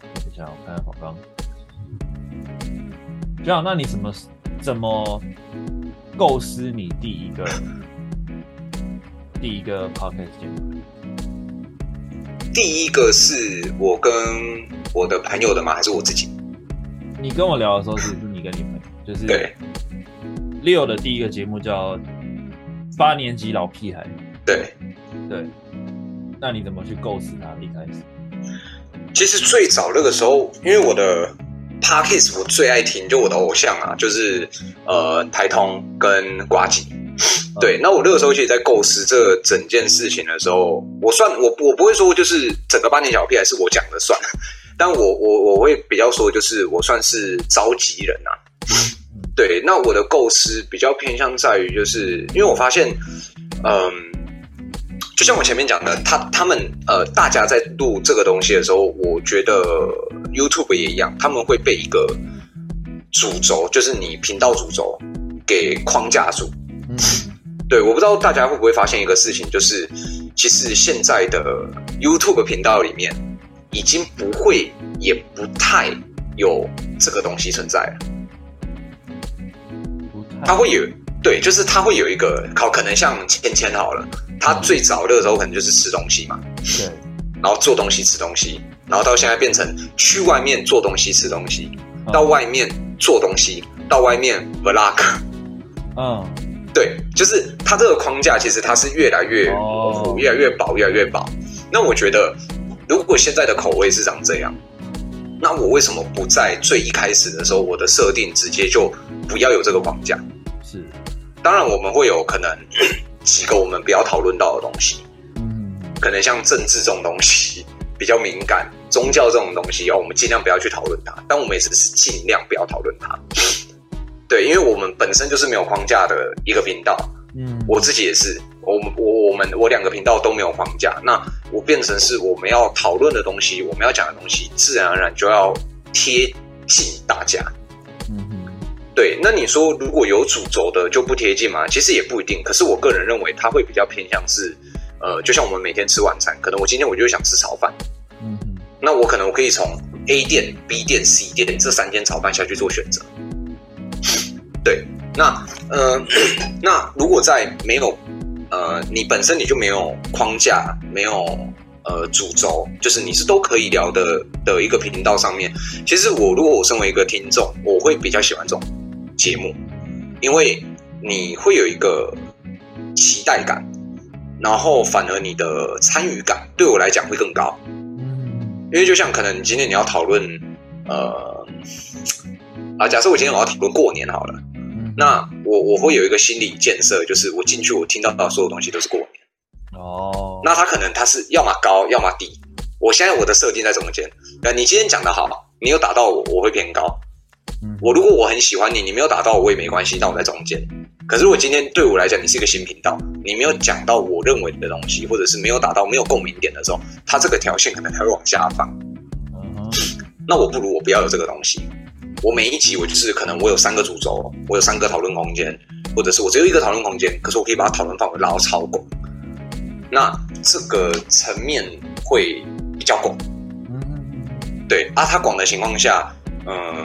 等 (laughs) 一下，我看黃剛。黃剛，那你怎麼怎麼構思你第一個 (laughs) 第一個 Podcast 節目？第一個是我跟我的朋友的嗎？還是我自己？你跟我聊的時候是，是你跟你朋友， (laughs) 就是對。Leo 的第一個節目叫八年級老屁孩。對，對。那你怎麼去構思它？你開始？其實最早那個時候，因為我的 Podcast 我最愛聽，就我的偶像啊，就是呃台通跟呱吉。 (noise) 對，那我那個時候其實，在構思這整件事情的時候，我算我我不會說就是整個八年小屁孩是我講的算，但我我我會比較說，就是我算是召集人吶、啊。 (laughs) 對，那我的構思比較偏向在於，就是因為我發現，嗯、呃，就像我前面講的，他他們呃，大家在錄這個東西的時候，我覺得 YouTube 也一樣，他們會被一個主軸，就是你頻道主軸給框架住。 (noise) 對，我不知道大家會不會發現一個事情，就是其實現在的 YouTube 頻道裡面已經不會，也不太有這個東西存在了。不太 他會有，對，就是他會有一個，好，可能像千千好了，他最早的時候可能就是吃東西嘛，對然後做東西吃東西，然後到現在變成去外面做東西吃東西，到外面做東西，oh. 到外面 vlog，嗯。對，就是它這個框架，其實它是越來越、oh. 越來越薄、越來越薄。那我覺得，如果現在的口味是長這樣，那我為什麼不在最一開始的時候，我的設定直接就不要有這個框架？是。當然，我們會有可能呵呵幾個我們不要討論到的東西，可能像政治這種東西比較敏感，宗教這種東西哦，我們盡量不要去討論它。但我們也是盡量不要討論它。 (laughs) 對，因為我們本身就是沒有框架的一個頻道，嗯，我自己也是，我我我們我兩個頻道都沒有框架，那我變成是我們要討論的東西，我們要講的東西，自然而然就要貼近大家，嗯嗯。對，那你說如果有主軸的就不貼近嗎？其實也不一定，可是我個人認為它會比較偏向是，呃，就像我們每天吃晚餐，可能我今天我就想吃炒飯，嗯，那我可能我可以從 A 店、B 店、C 店這三間炒飯下去做選擇。對，那呃，那如果在沒有呃，你本身你就沒有框架，沒有呃主軸，就是你是都可以聊的的一個頻道上面，其實我如果我身為一個聽眾，我會比較喜歡這種節目，因為你會有一個期待感，然後反而你的參與感對我來講會更高，因為就像可能今天你要討論呃啊，假設我今天我要討論過年好了。那我我會有一個心理建設，就是我進去我聽到的所有東西都是過年哦。Oh. 那他可能他是要麼高，要麼低。我現在我的設定在中間。那你今天講得好，你有打到我，我會偏高。我如果我很喜歡你，你沒有打到我，我也沒關係，那我在中間。可是如果今天對我來講，你是一個新頻道，你沒有講到我認為的東西，或者是沒有打到沒有共鳴點的時候，它這個條線可能還會往下放。Uh huh. 那我不如我不要有這個東西。我每一集我就是可能我有三個主軸，我有三個討論空間，或者是我只有一個討論空間，可是我可以把它討論範圍拉到超廣，那這個層面會比較廣。對，啊，它廣的情況下，嗯，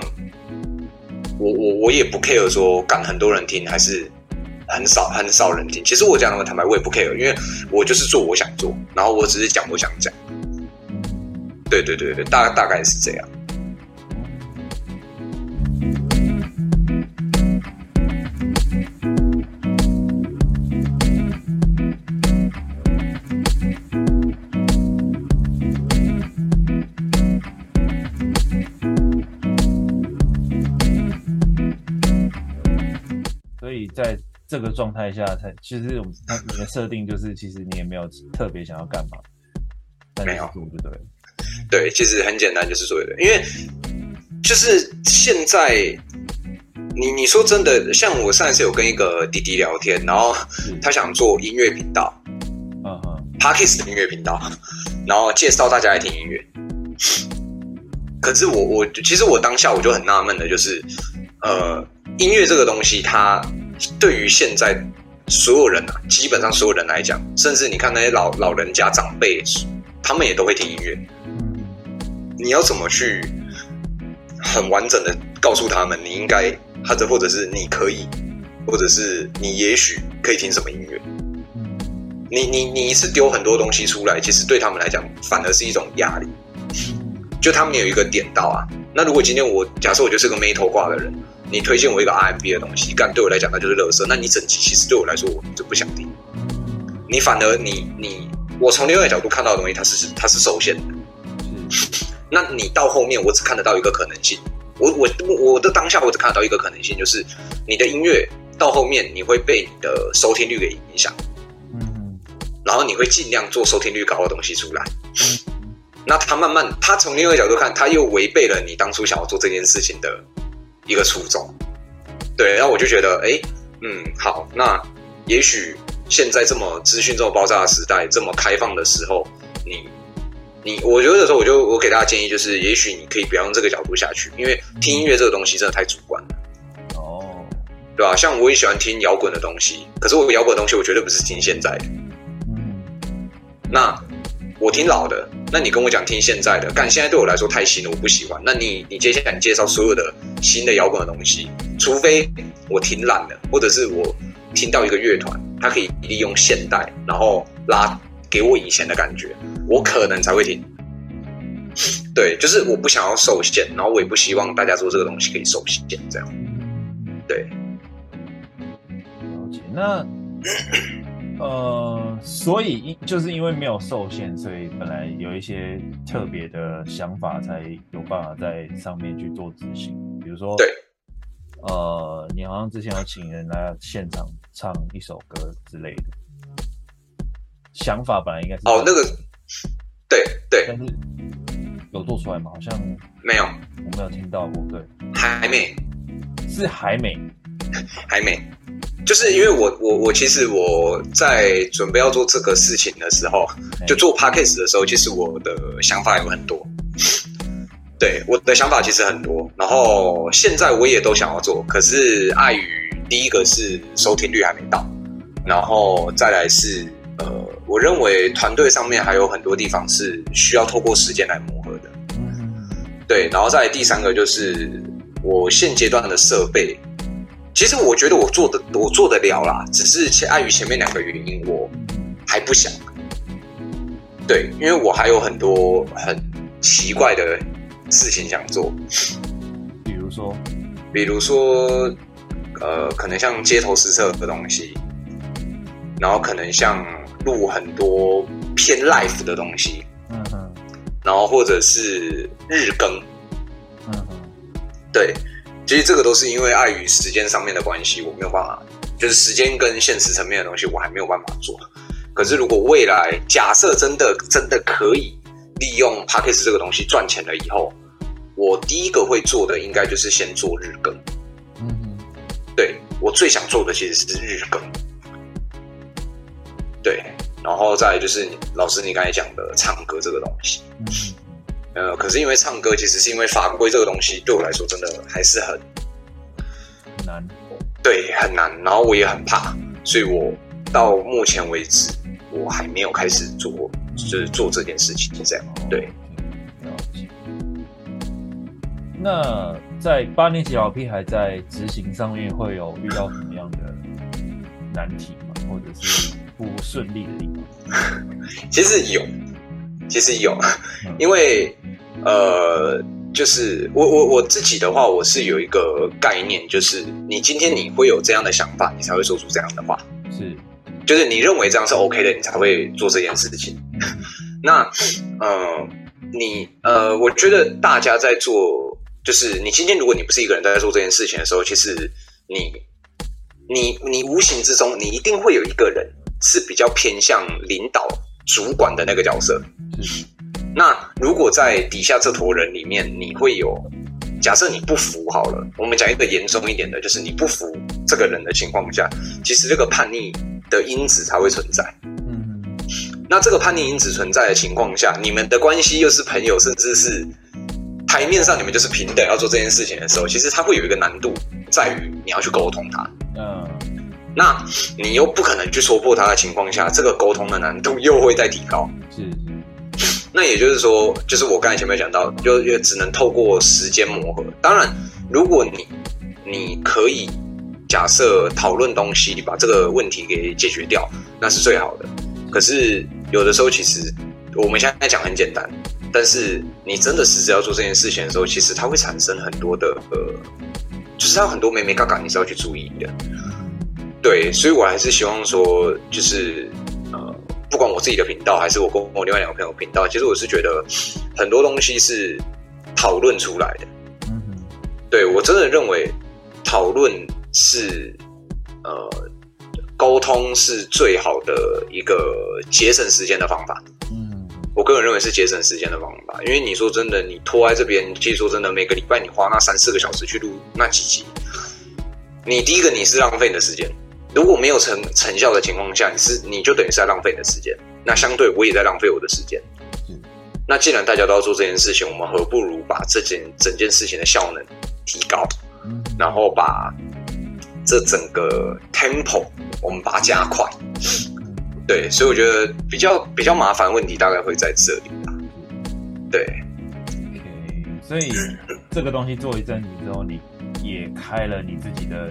我我我也不 care 說敢很多人聽還是很少很少人聽。其實我講的話坦白我也不 care，因為我就是做我想做，然後我只是講我想講。對對對對，大大概是這樣。這個狀態下，才其實我們你的設定就是，其實你也沒有特別想要幹嘛，但是沒有做對對，其實很簡單，就是做對。因為就是現在，你你說真的，像我上一次有跟一個弟弟聊天，然後他想做音樂頻道，嗯嗯 Podcast 的音樂頻道，嗯、然後介紹大家來聽音樂。可是我我其實我當下我就很納悶的，就是呃，音樂這個東西它。對於現在所有人啊，基本上所有人來講，甚至你看那些老老人家長輩，他們也都會聽音樂。你要怎麼去很完整的告訴他們，你應該，或者或者是你可以，或者是你也許可以聽什麼音樂？你你你一次丟很多東西出來，其實對他們來講反而是一種壓力。就他們也有一個點到啊，那如果今天我假設我就是個 metal 掛的人。你推薦我一個 R&B 的東西，但對我來講，它就是垃圾。那你整期其實對我來說，我就不想聽。你反而你，你你我從另外一個角度看到的東西，它是它是受限的。嗯。那你到後面，我只看得到一個可能性。我我我的當下，我只看得到一個可能性，就是你的音樂到後面，你會被你的收聽率給影響。嗯。然後你會盡量做收聽率高的東西出來。嗯。那他慢慢，他從另外一個角度看，他又違背了你當初想要做這件事情的。一個初衷，對，然後我就覺得，哎，嗯，好，那也許現在這麼資訊這麼爆炸的時代，這麼開放的時候，你，你，我覺得有時候，我就我給大家建議就是，也許你可以不要用這個角度下去，因為聽音樂這個東西真的太主觀了，哦，對吧？啊。像我也喜歡聽搖滾的東西，可是我搖滾的東西我絕對不是聽現在的，嗯、那。我挺老的，那你跟我講聽現在的，但現在對我來說太新了，我不喜歡。那你你接下來你介紹所有的新的搖滾的東西，除非我挺懶的，或者是我聽到一個樂團，它可以利用現代然後拉給我以前的感覺，我可能才會聽。對，就是我不想要受限，然後我也不希望大家做這個東西可以受限這樣。對。了解，那。 (laughs) 呃，所以因就是因為沒有受限，所以本來有一些特別的想法，才有辦法在上面去做執行。比如說，對，呃，你好像之前有請人來現場唱一首歌之類的，想法本來應該是哦，oh, 那個對對，對但是有做出來嗎？好像沒有，我沒有聽到過歌，對，還沒，是還沒，還沒。就是因為我我我其實我在準備要做這個事情的時候，Okay. 就做 podcast 的時候，其實我的想法有很多。 (laughs) 對，我的想法其實很多。然後現在我也都想要做，可是礙於第一個是收聽率還沒到，然後再來是呃，我認為團隊上面還有很多地方是需要透過時間來磨合的。對，然後再來第三個就是我現階段的設備。其實我覺得我做的我做得了啦，只是礙於前面兩個原因，我還不想。對，因為我還有很多很奇怪的事情想做，比如說，比如說，呃，可能像街頭試車的東西，然後可能像錄很多偏 life 的東西，嗯嗯，然後或者是日更，嗯嗯，對。其實這個都是因為礙於時間上面的關係，我沒有辦法，就是時間跟現實層面的東西，我還沒有辦法做。可是如果未來假設真的真的可以利用 Podcast 這個東西賺錢了以後，我第一個會做的應該就是先做日更。嗯哼，對我最想做的其實是日更。對，然後再就是老師你剛才講的唱歌這個東西。嗯呃，可是因為唱歌，其實是因為法規這個東西，對我來說真的還是很，很難。哦、對，很難。然後我也很怕，嗯、所以我到目前為止，我還沒有開始做，嗯、就是做這件事情，就這樣。對。哦、那在八年級老 p 還在執行上面，會有、嗯、遇到什麼樣的難題嗎？ (laughs) 或者是不順利的地方？嗯、其實有，其實有，嗯、因為。呃，就是我我我自己的話，我是有一個概念，就是你今天你會有這樣的想法，你才會說出這樣的話，是，就是你認為這樣是 OK 的，你才會做這件事情。 (laughs) 那，呃，你呃，我覺得大家在做，就是你今天如果你不是一個人在做這件事情的時候，其實你，你你無形之中，你一定會有一個人是比較偏向領導、主管的那個角色，嗯。那如果在底下這坨人裡面，你會有假設你不服好了，我們講一個嚴重一點的，就是你不服這個人的情況下，其實這個叛逆的因子才會存在。嗯，那這個叛逆因子存在的情況下，你們的關係又是朋友，甚至是台面上你們就是平等要做這件事情的時候，其實他會有一個難度，在於你要去溝通他。嗯，那你又不可能去戳破他的情況下，這個溝通的難度又會再提高。是，是。那也就是說，就是我剛才前面講到，就也只能透過時間磨合。當然，如果你你可以假設討論東西，把這個問題給解決掉，那是最好的。可是有的時候，其實我們現在講很簡單，但是你真的實質要做這件事情的時候，其實它會產生很多的呃，就是它有很多眉眉角角，你是要去注意的。對，所以我還是希望說，就是。不管我自己的頻道還是我跟我另外兩個朋友頻道，其實我是覺得很多東西是討論出來的。嗯哼，對我真的認為討論是呃溝通是最好的一個節省時間的方法。嗯哼，我個人認為是節省時間的方法，因為你說真的，你拖在這邊，其實說真的，每個禮拜你花那三四個小時去錄那幾集，你第一個你是浪費你的時間。如果沒有成成效的情況下，你是你就等於是在浪費你的時間。那相對我也在浪費我的時間。是那既然大家都要做這件事情，我們何不如把這件整件事情的效能提高，嗯、然後把這整個 tempo 我們把它加快。嗯、對，所以我覺得比較比較麻煩問題大概會在這裡吧。對，Okay, 所以這個東西做一陣子之後，你也開了你自己的。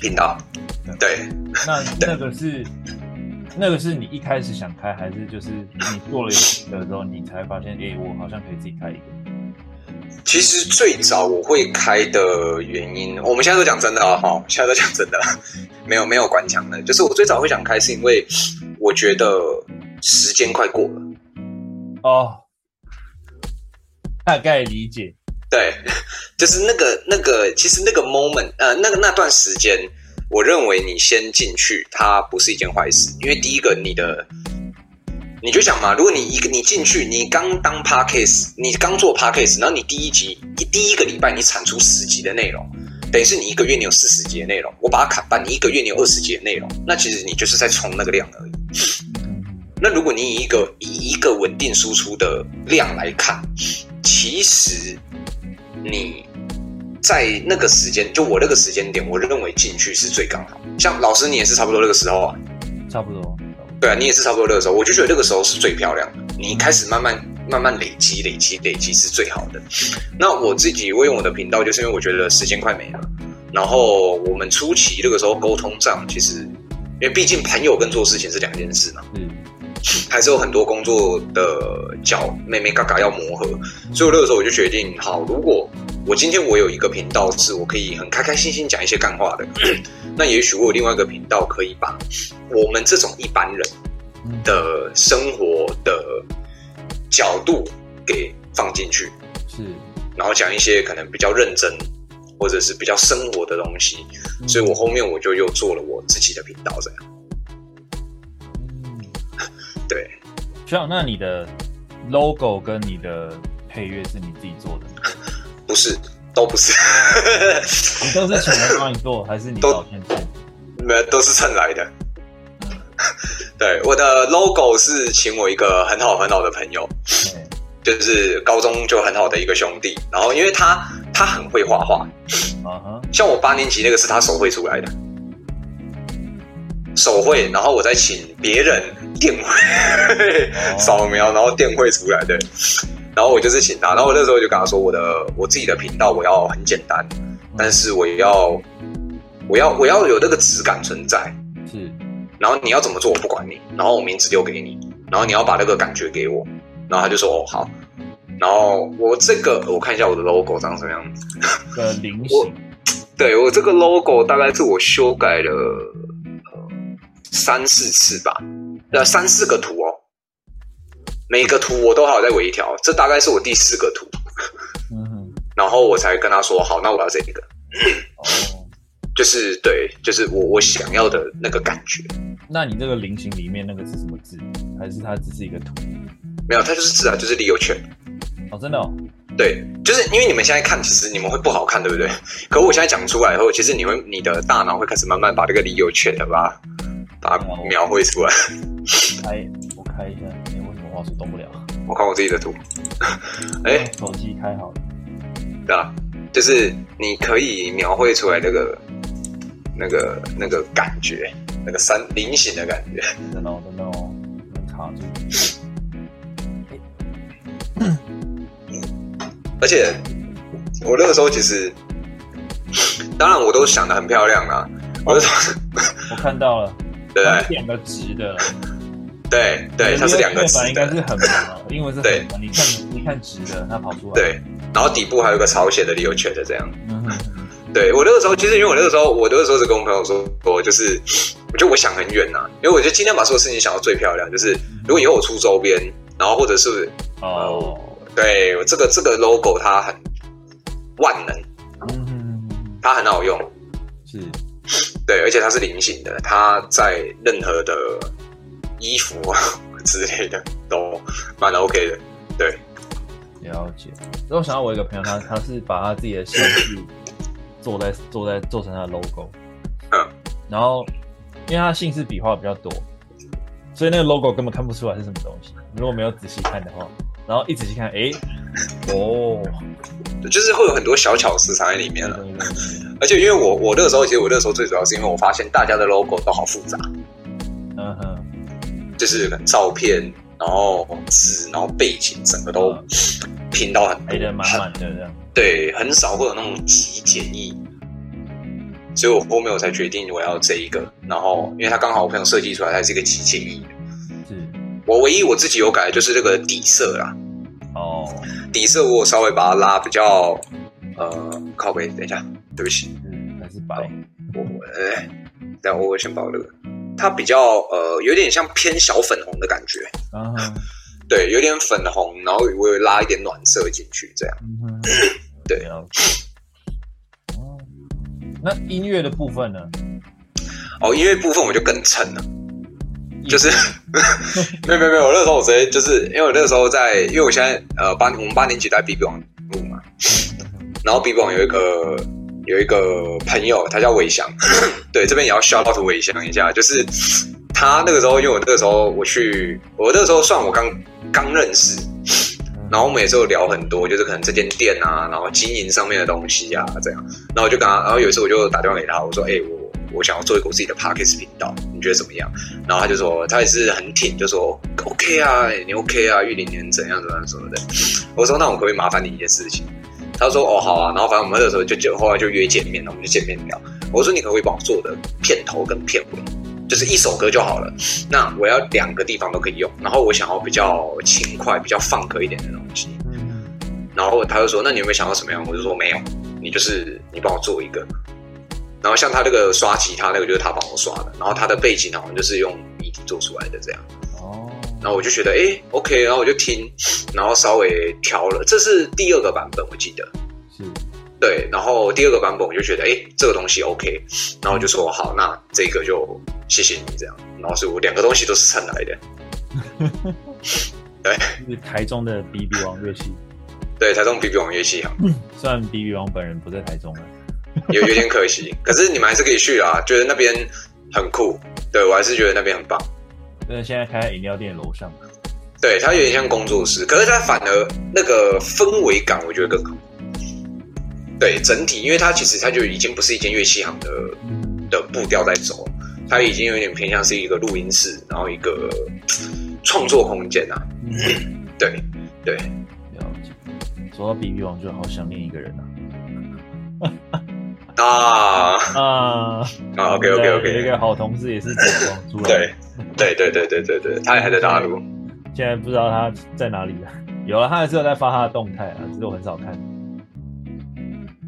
頻道，聽到對，對那那個是，對那個是你一開始想開，還是就是你做了一個的時候，你才發現，誒， (laughs) 我好像可以自己開一個。其實最早我會開的原因，我們現在都講真的啊，哈，現在都講真的了，沒有沒有誇張，的，就是我最早會想開，是因為我覺得時間快過了。哦，大概理解。對，就是那個那個，其實那個 moment，呃，那個那段時間，我認為你先進去，它不是一件壞事，因為第一個，你的你就想嘛，如果你一個你進去，你剛當 podcast，你剛做 podcast，然後你第一集第一個禮拜你產出十集的內容，等於是你一個月你有四十集的內容，我把它砍半，你一個月你有二十集的內容，那其實你就是在衝那個量而已。那如果你以一個以一個穩定輸出的量來看，其實。你在那個時間，就我那個時間點，我認為進去是最剛好。像老師，你也是差不多那個時候啊，差不多，對啊，你也是差不多那個時候，我就覺得那個時候是最漂亮的。你開始慢慢慢慢累積，累積，累積是最好的。那我自己，我用我的頻道，就是因為我覺得時間快沒了。然後我們初期那個時候溝通上，其實因為畢竟朋友跟做事情是兩件事嘛，嗯。還是有很多工作的角妹妹嘎嘎要磨合，所以我那個時候我就決定，好，如果我今天我有一個頻道是我可以很開開心心講一些幹話的，那也許我有另外一個頻道可以把我們這種一般人的生活的角度給放進去，是，然後講一些可能比較認真或者是比較生活的東西，嗯，所以我後面我就又做了我自己的頻道，這樣。對，學長，那你的 logo 跟你的配樂是你自己做的嗎？不是，都不是， (laughs) 都是請人幫你做，還是你前前都，沒，都是蹭來的。 (laughs) 對，我的 logo 是請我一個很好很好的朋友，Okay. 就是高中就很好的一個兄弟，然後因為他他很會畫畫，mm hmm. 像我八年級那個是他手繪出來的。手繪，然後我再請別人電繪、掃 (laughs) 描，然後電繪出來，對。然後我就是請他，然後我那時候就跟他說：“我的我自己的頻道我要很簡單，但是我要我要我要有那個質感存在。”是。然後你要怎麼做我不管你，然後我名字丟給你，然後你要把那個感覺給我。然後他就說：“哦好。”然後我這個我看一下我的 logo 長什麼樣子。個菱形 (laughs) 我，對我這個 logo 大概是我修改了。三四次吧，三四個圖哦，每一個圖我都好在尾一條，這大概是我第四個圖，嗯、哼然後我才跟他說好，那我要這一個，哦、 (laughs) 就是對，就是我我想要的那個感覺。那你那個菱形裡面那個是什麼字？還是它只是一個圖？沒有，它就是字啊，就是理由圈。哦，真的哦。對，就是因為你們現在看，其實你們會不好看，對不對？可我現在講出來以後，其實你會你的大腦會開始慢慢把這個理由圈的吧。把它描繪出來、啊，我開， (laughs) 我、開我開一下，今、欸、為什麼畫圖動不了？我看我自己的圖，哎、 (laughs) 欸，手機開好了，對吧、啊？就是你可以描繪出來那個、那個、那個感覺，那個三菱形的感覺。No，No，No，、欸就是、能長。而且我那個時候其實，當然我都想的很漂亮啦。我我看到了。兩對個直的，對對，它、嗯、是兩個直的，因為是對，你看你看直的，它跑出來，對，然後底部還有一個朝鮮的理由圈的這樣。嗯、哼對我那個時候，其實因為我那個時候，我那個時候是跟我朋友說說，就是我覺得我想很遠吶、啊，因為我覺得今天把所有事情想到最漂亮，就是、嗯、哼如果以後我出周邊，然後或者是哦，對，我這個這個 logo 它很萬能，嗯，它很好用，嗯、是。對，而且它是菱形的，它在任何的衣服之類的都蠻 OK 的。對，了解。然後我想到我一個朋友，他他是把他自己的姓氏做在 (coughs) 做在，做在，做成他的 logo，嗯，然後因為他的姓氏筆畫比較多，所以那個 logo 根本看不出來是什麼東西，如果沒有仔細看的話。然後一直去看，哎，哦、oh.，就是會有很多小巧思藏在裡面了。 (laughs) 而且因為我我那個時候，其實我那個時候最主要是因為我發現大家的 logo 都好複雜，嗯哼、uh，huh. 就是照片，然後文字然後背景，整個都拼到很滿滿的，uh huh. 對，很少會有那種極簡易。Uh huh. 所以我後面我才決定我要這一個，然後因為它剛好我朋友設計出來，還是一個極簡易我唯一我自己有改的就是這個底色啦，哦，oh. 底色我稍微把它拉比較，呃，靠北，等一下，對不起，嗯，還是白，我，哎，等我我先把這個，它比較呃，有點像偏小粉紅的感覺，啊、uh，huh. 對，有點粉紅，然後我有拉一點暖色進去，這樣，嗯、uh，huh. (laughs) 對哦，okay. oh. 那音樂的部分呢？哦，音樂部分我就更沉了。 (music) 就是， (laughs) 沒有沒有沒有，我那個時候我直接就是，因為我那個時候在，因為我現在呃八我們八年級在 B B 網錄嘛，然後 B B 網有一個有一個朋友，他叫偉翔，對，這邊也要 shout out 偉翔一下，就是他那個時候，因為我那個時候我去，我那個時候算我剛剛認識，然後我們也是有聊很多，就是可能這間店啊，然後經營上面的東西啊這樣，然後我就跟他，然後有一次我就打電話給他，我說，哎，欸，我。我想要做一個我自己的 Podcast 頻道，你覺得怎麼樣？然後他就說，他也是很挺，就說 OK 啊，你 OK 啊，玉林，你怎樣怎樣什麼的。我說，那我可不可以麻煩你一件事情？他說，哦，好啊。然後反正我們那個時候就就後來就約見面了，我們就見面聊。我說，你可不可以幫我做我的片頭跟片尾，就是一首歌就好了。那我要兩個地方都可以用，然後我想要比較輕快、比較 funk 一點的東西。然後他就說，那你有沒有想要什麼樣？我就說沒有，你就是你幫我做一個。然後像他那個刷吉他那個，就是他幫我刷的。然後他的背景好像就是用 MIDI 做出來的這樣。哦。然後我就覺得，哎、欸，OK。然後我就聽，然後稍微調了。這是第二個版本，我記得。是。對，然後第二個版本我就覺得，哎、欸，這個東西 OK。然後我就說，嗯、好，那這個就謝謝你這樣。然後是我兩個東西都是蹭來的。 (laughs) 對，哈。是台中的 B B 王樂器。對，台中 B B 王樂器，啊，嗯。算 B B 王本人不在台中了。有 (laughs) 有點可惜，可是你們還是可以去啊，覺得那邊很酷，對，我還是覺得那邊很棒。那現在開在飲料店樓上，對，它有點像工作室，可是它反而那個氛圍感，我覺得更好。對，整體，因為它其實它就已經不是一間樂器行的、嗯、的步調在走，它已經有點偏向是一個錄音室，然後一個創作空間啊。對、嗯、 (laughs) 對，對了解。說到 B 王，就好想念一個人啊。 (laughs) 啊啊啊！OK 對 OK OK，一個好同事也是走光。 (laughs) 對對對對對對他還在大陸，現在不知道他在哪裡了。有了，他還是有在發他的動態啊，只是我很少看。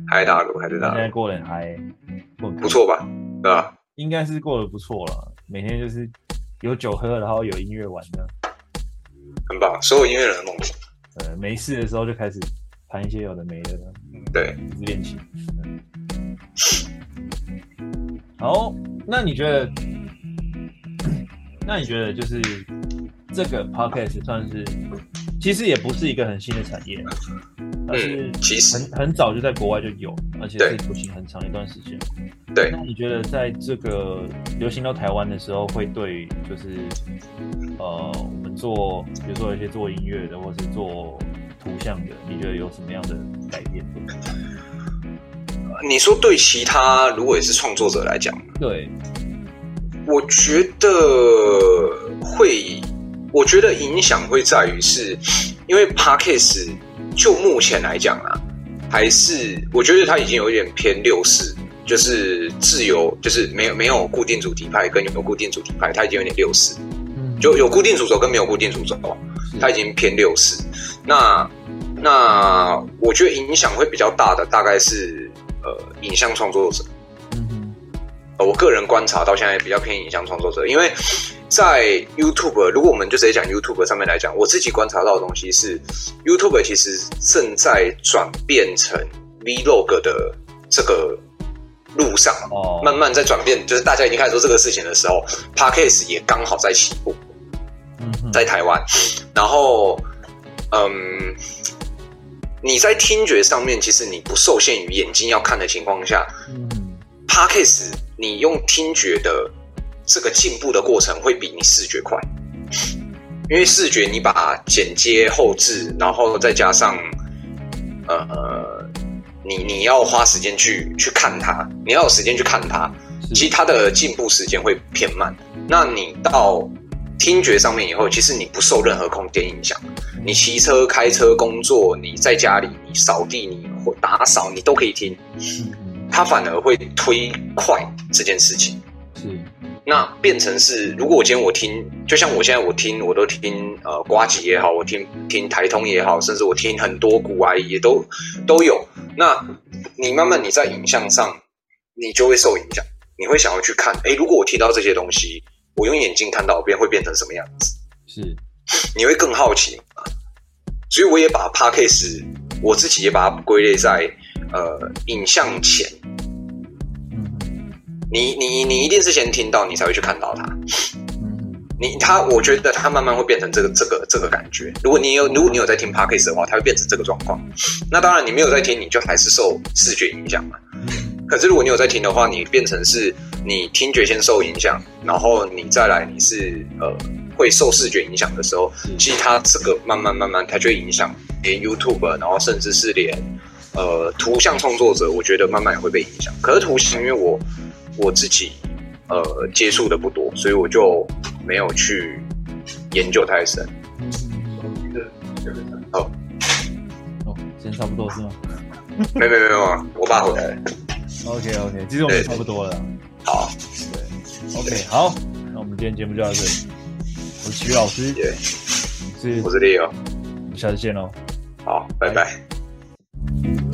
還在大陸，還在大陸，現在過得很 high、欸、不錯吧？對啊，應該是過得不錯了，每天就是有酒喝，然後有音樂玩的，很棒。所有音樂人的夢想，呃，沒事的時候就開始談一些有的沒的對，對，戀情。好，那你覺得？那你覺得就是這個 podcast 算是，其實也不是一個很新的產業，但是很很早就在國外就有，而且是以流行很長一段時間。對，那你覺得在這個流行到台灣的時候，會對就是呃，我們做，比如說有些做音樂的，或者是做圖像的，你覺得有什麼樣的改變？你說對其他，如果也是創作者來講，對，我覺得會，我覺得影響會在於是，因為 Podcast 就目前來講啊，還是我覺得他已經有一點偏六四，就是自由，就是沒有沒有固定主題派跟有沒有固定主題派，他已經有點六四，就有固定主軸跟沒有固定主軸，他已經偏六四。是那那我覺得影響會比較大的，大概是。呃，影像創作者，嗯、哼我個人觀察到現在比較偏影像創作者，因為在 YouTube，如果我們就直接講 YouTube 上面來講，我自己觀察到的東西是、嗯、哼 YouTube 其實正在轉變成 Vlog 的這個路上，哦、慢慢在轉變，就是大家已經開始做這個事情的時候 Podcast 也剛好在起步，嗯、哼在台灣，然後，嗯。你在聽覺上面，其實你不受限於眼睛要看的情況下，Podcast，你用聽覺的這個進步的過程會比你視覺快，因為視覺你把剪接後製，然後再加上，呃，你你要花時間去去看它，你要有時間去看它，其實它的進步時間會偏慢。那你到。聽覺上面以後，其實你不受任何空間影響。你騎車、開車、工作，你在家裡，你掃地、你打掃，你都可以聽。是它反而會推快這件事情。嗯是，那變成是，如果我今天我聽，就像我現在我聽，我都聽呃呱吉、呃、也好，我聽聽台通也好，甚至我聽很多古阿姨，也都都有。那你慢慢你在影像上，你就會受影響，你會想要去看。誒、欸、如果我提到這些東西。我用眼睛看到耳邊會變成什麼樣子？是，你會更好奇。所以我也把 Podcast 我自己也把它歸類在呃影像前。你你你一定是先聽到，你才會去看到它。你它，我覺得它慢慢會變成這個這個這個感覺。如果你有如果你有在聽 Podcast 的話，它會變成這個狀況。那當然，你沒有在聽，你就還是受視覺影響嘛。嗯可是如果你有在聽的話，你變成是你聽覺先受影響，然後你再來你是呃會受視覺影響的時候，其實它這個慢慢慢慢它就會影響連 YouTube，然後甚至是連呃圖像創作者，我覺得慢慢也會被影響。可是圖形因為我我自己呃接觸的不多，所以我就沒有去研究太深。好、嗯，嗯嗯嗯、哦，先差不多是嗎？嗯、沒沒沒有啊，我爸回來了。OK OK，其實我們差不多了。對好，對，對，OK，好，那我們今天節目就到這裡。我是騎慾老師，對是我是李哲佑，我們下次見嘍。好，拜拜。拜拜。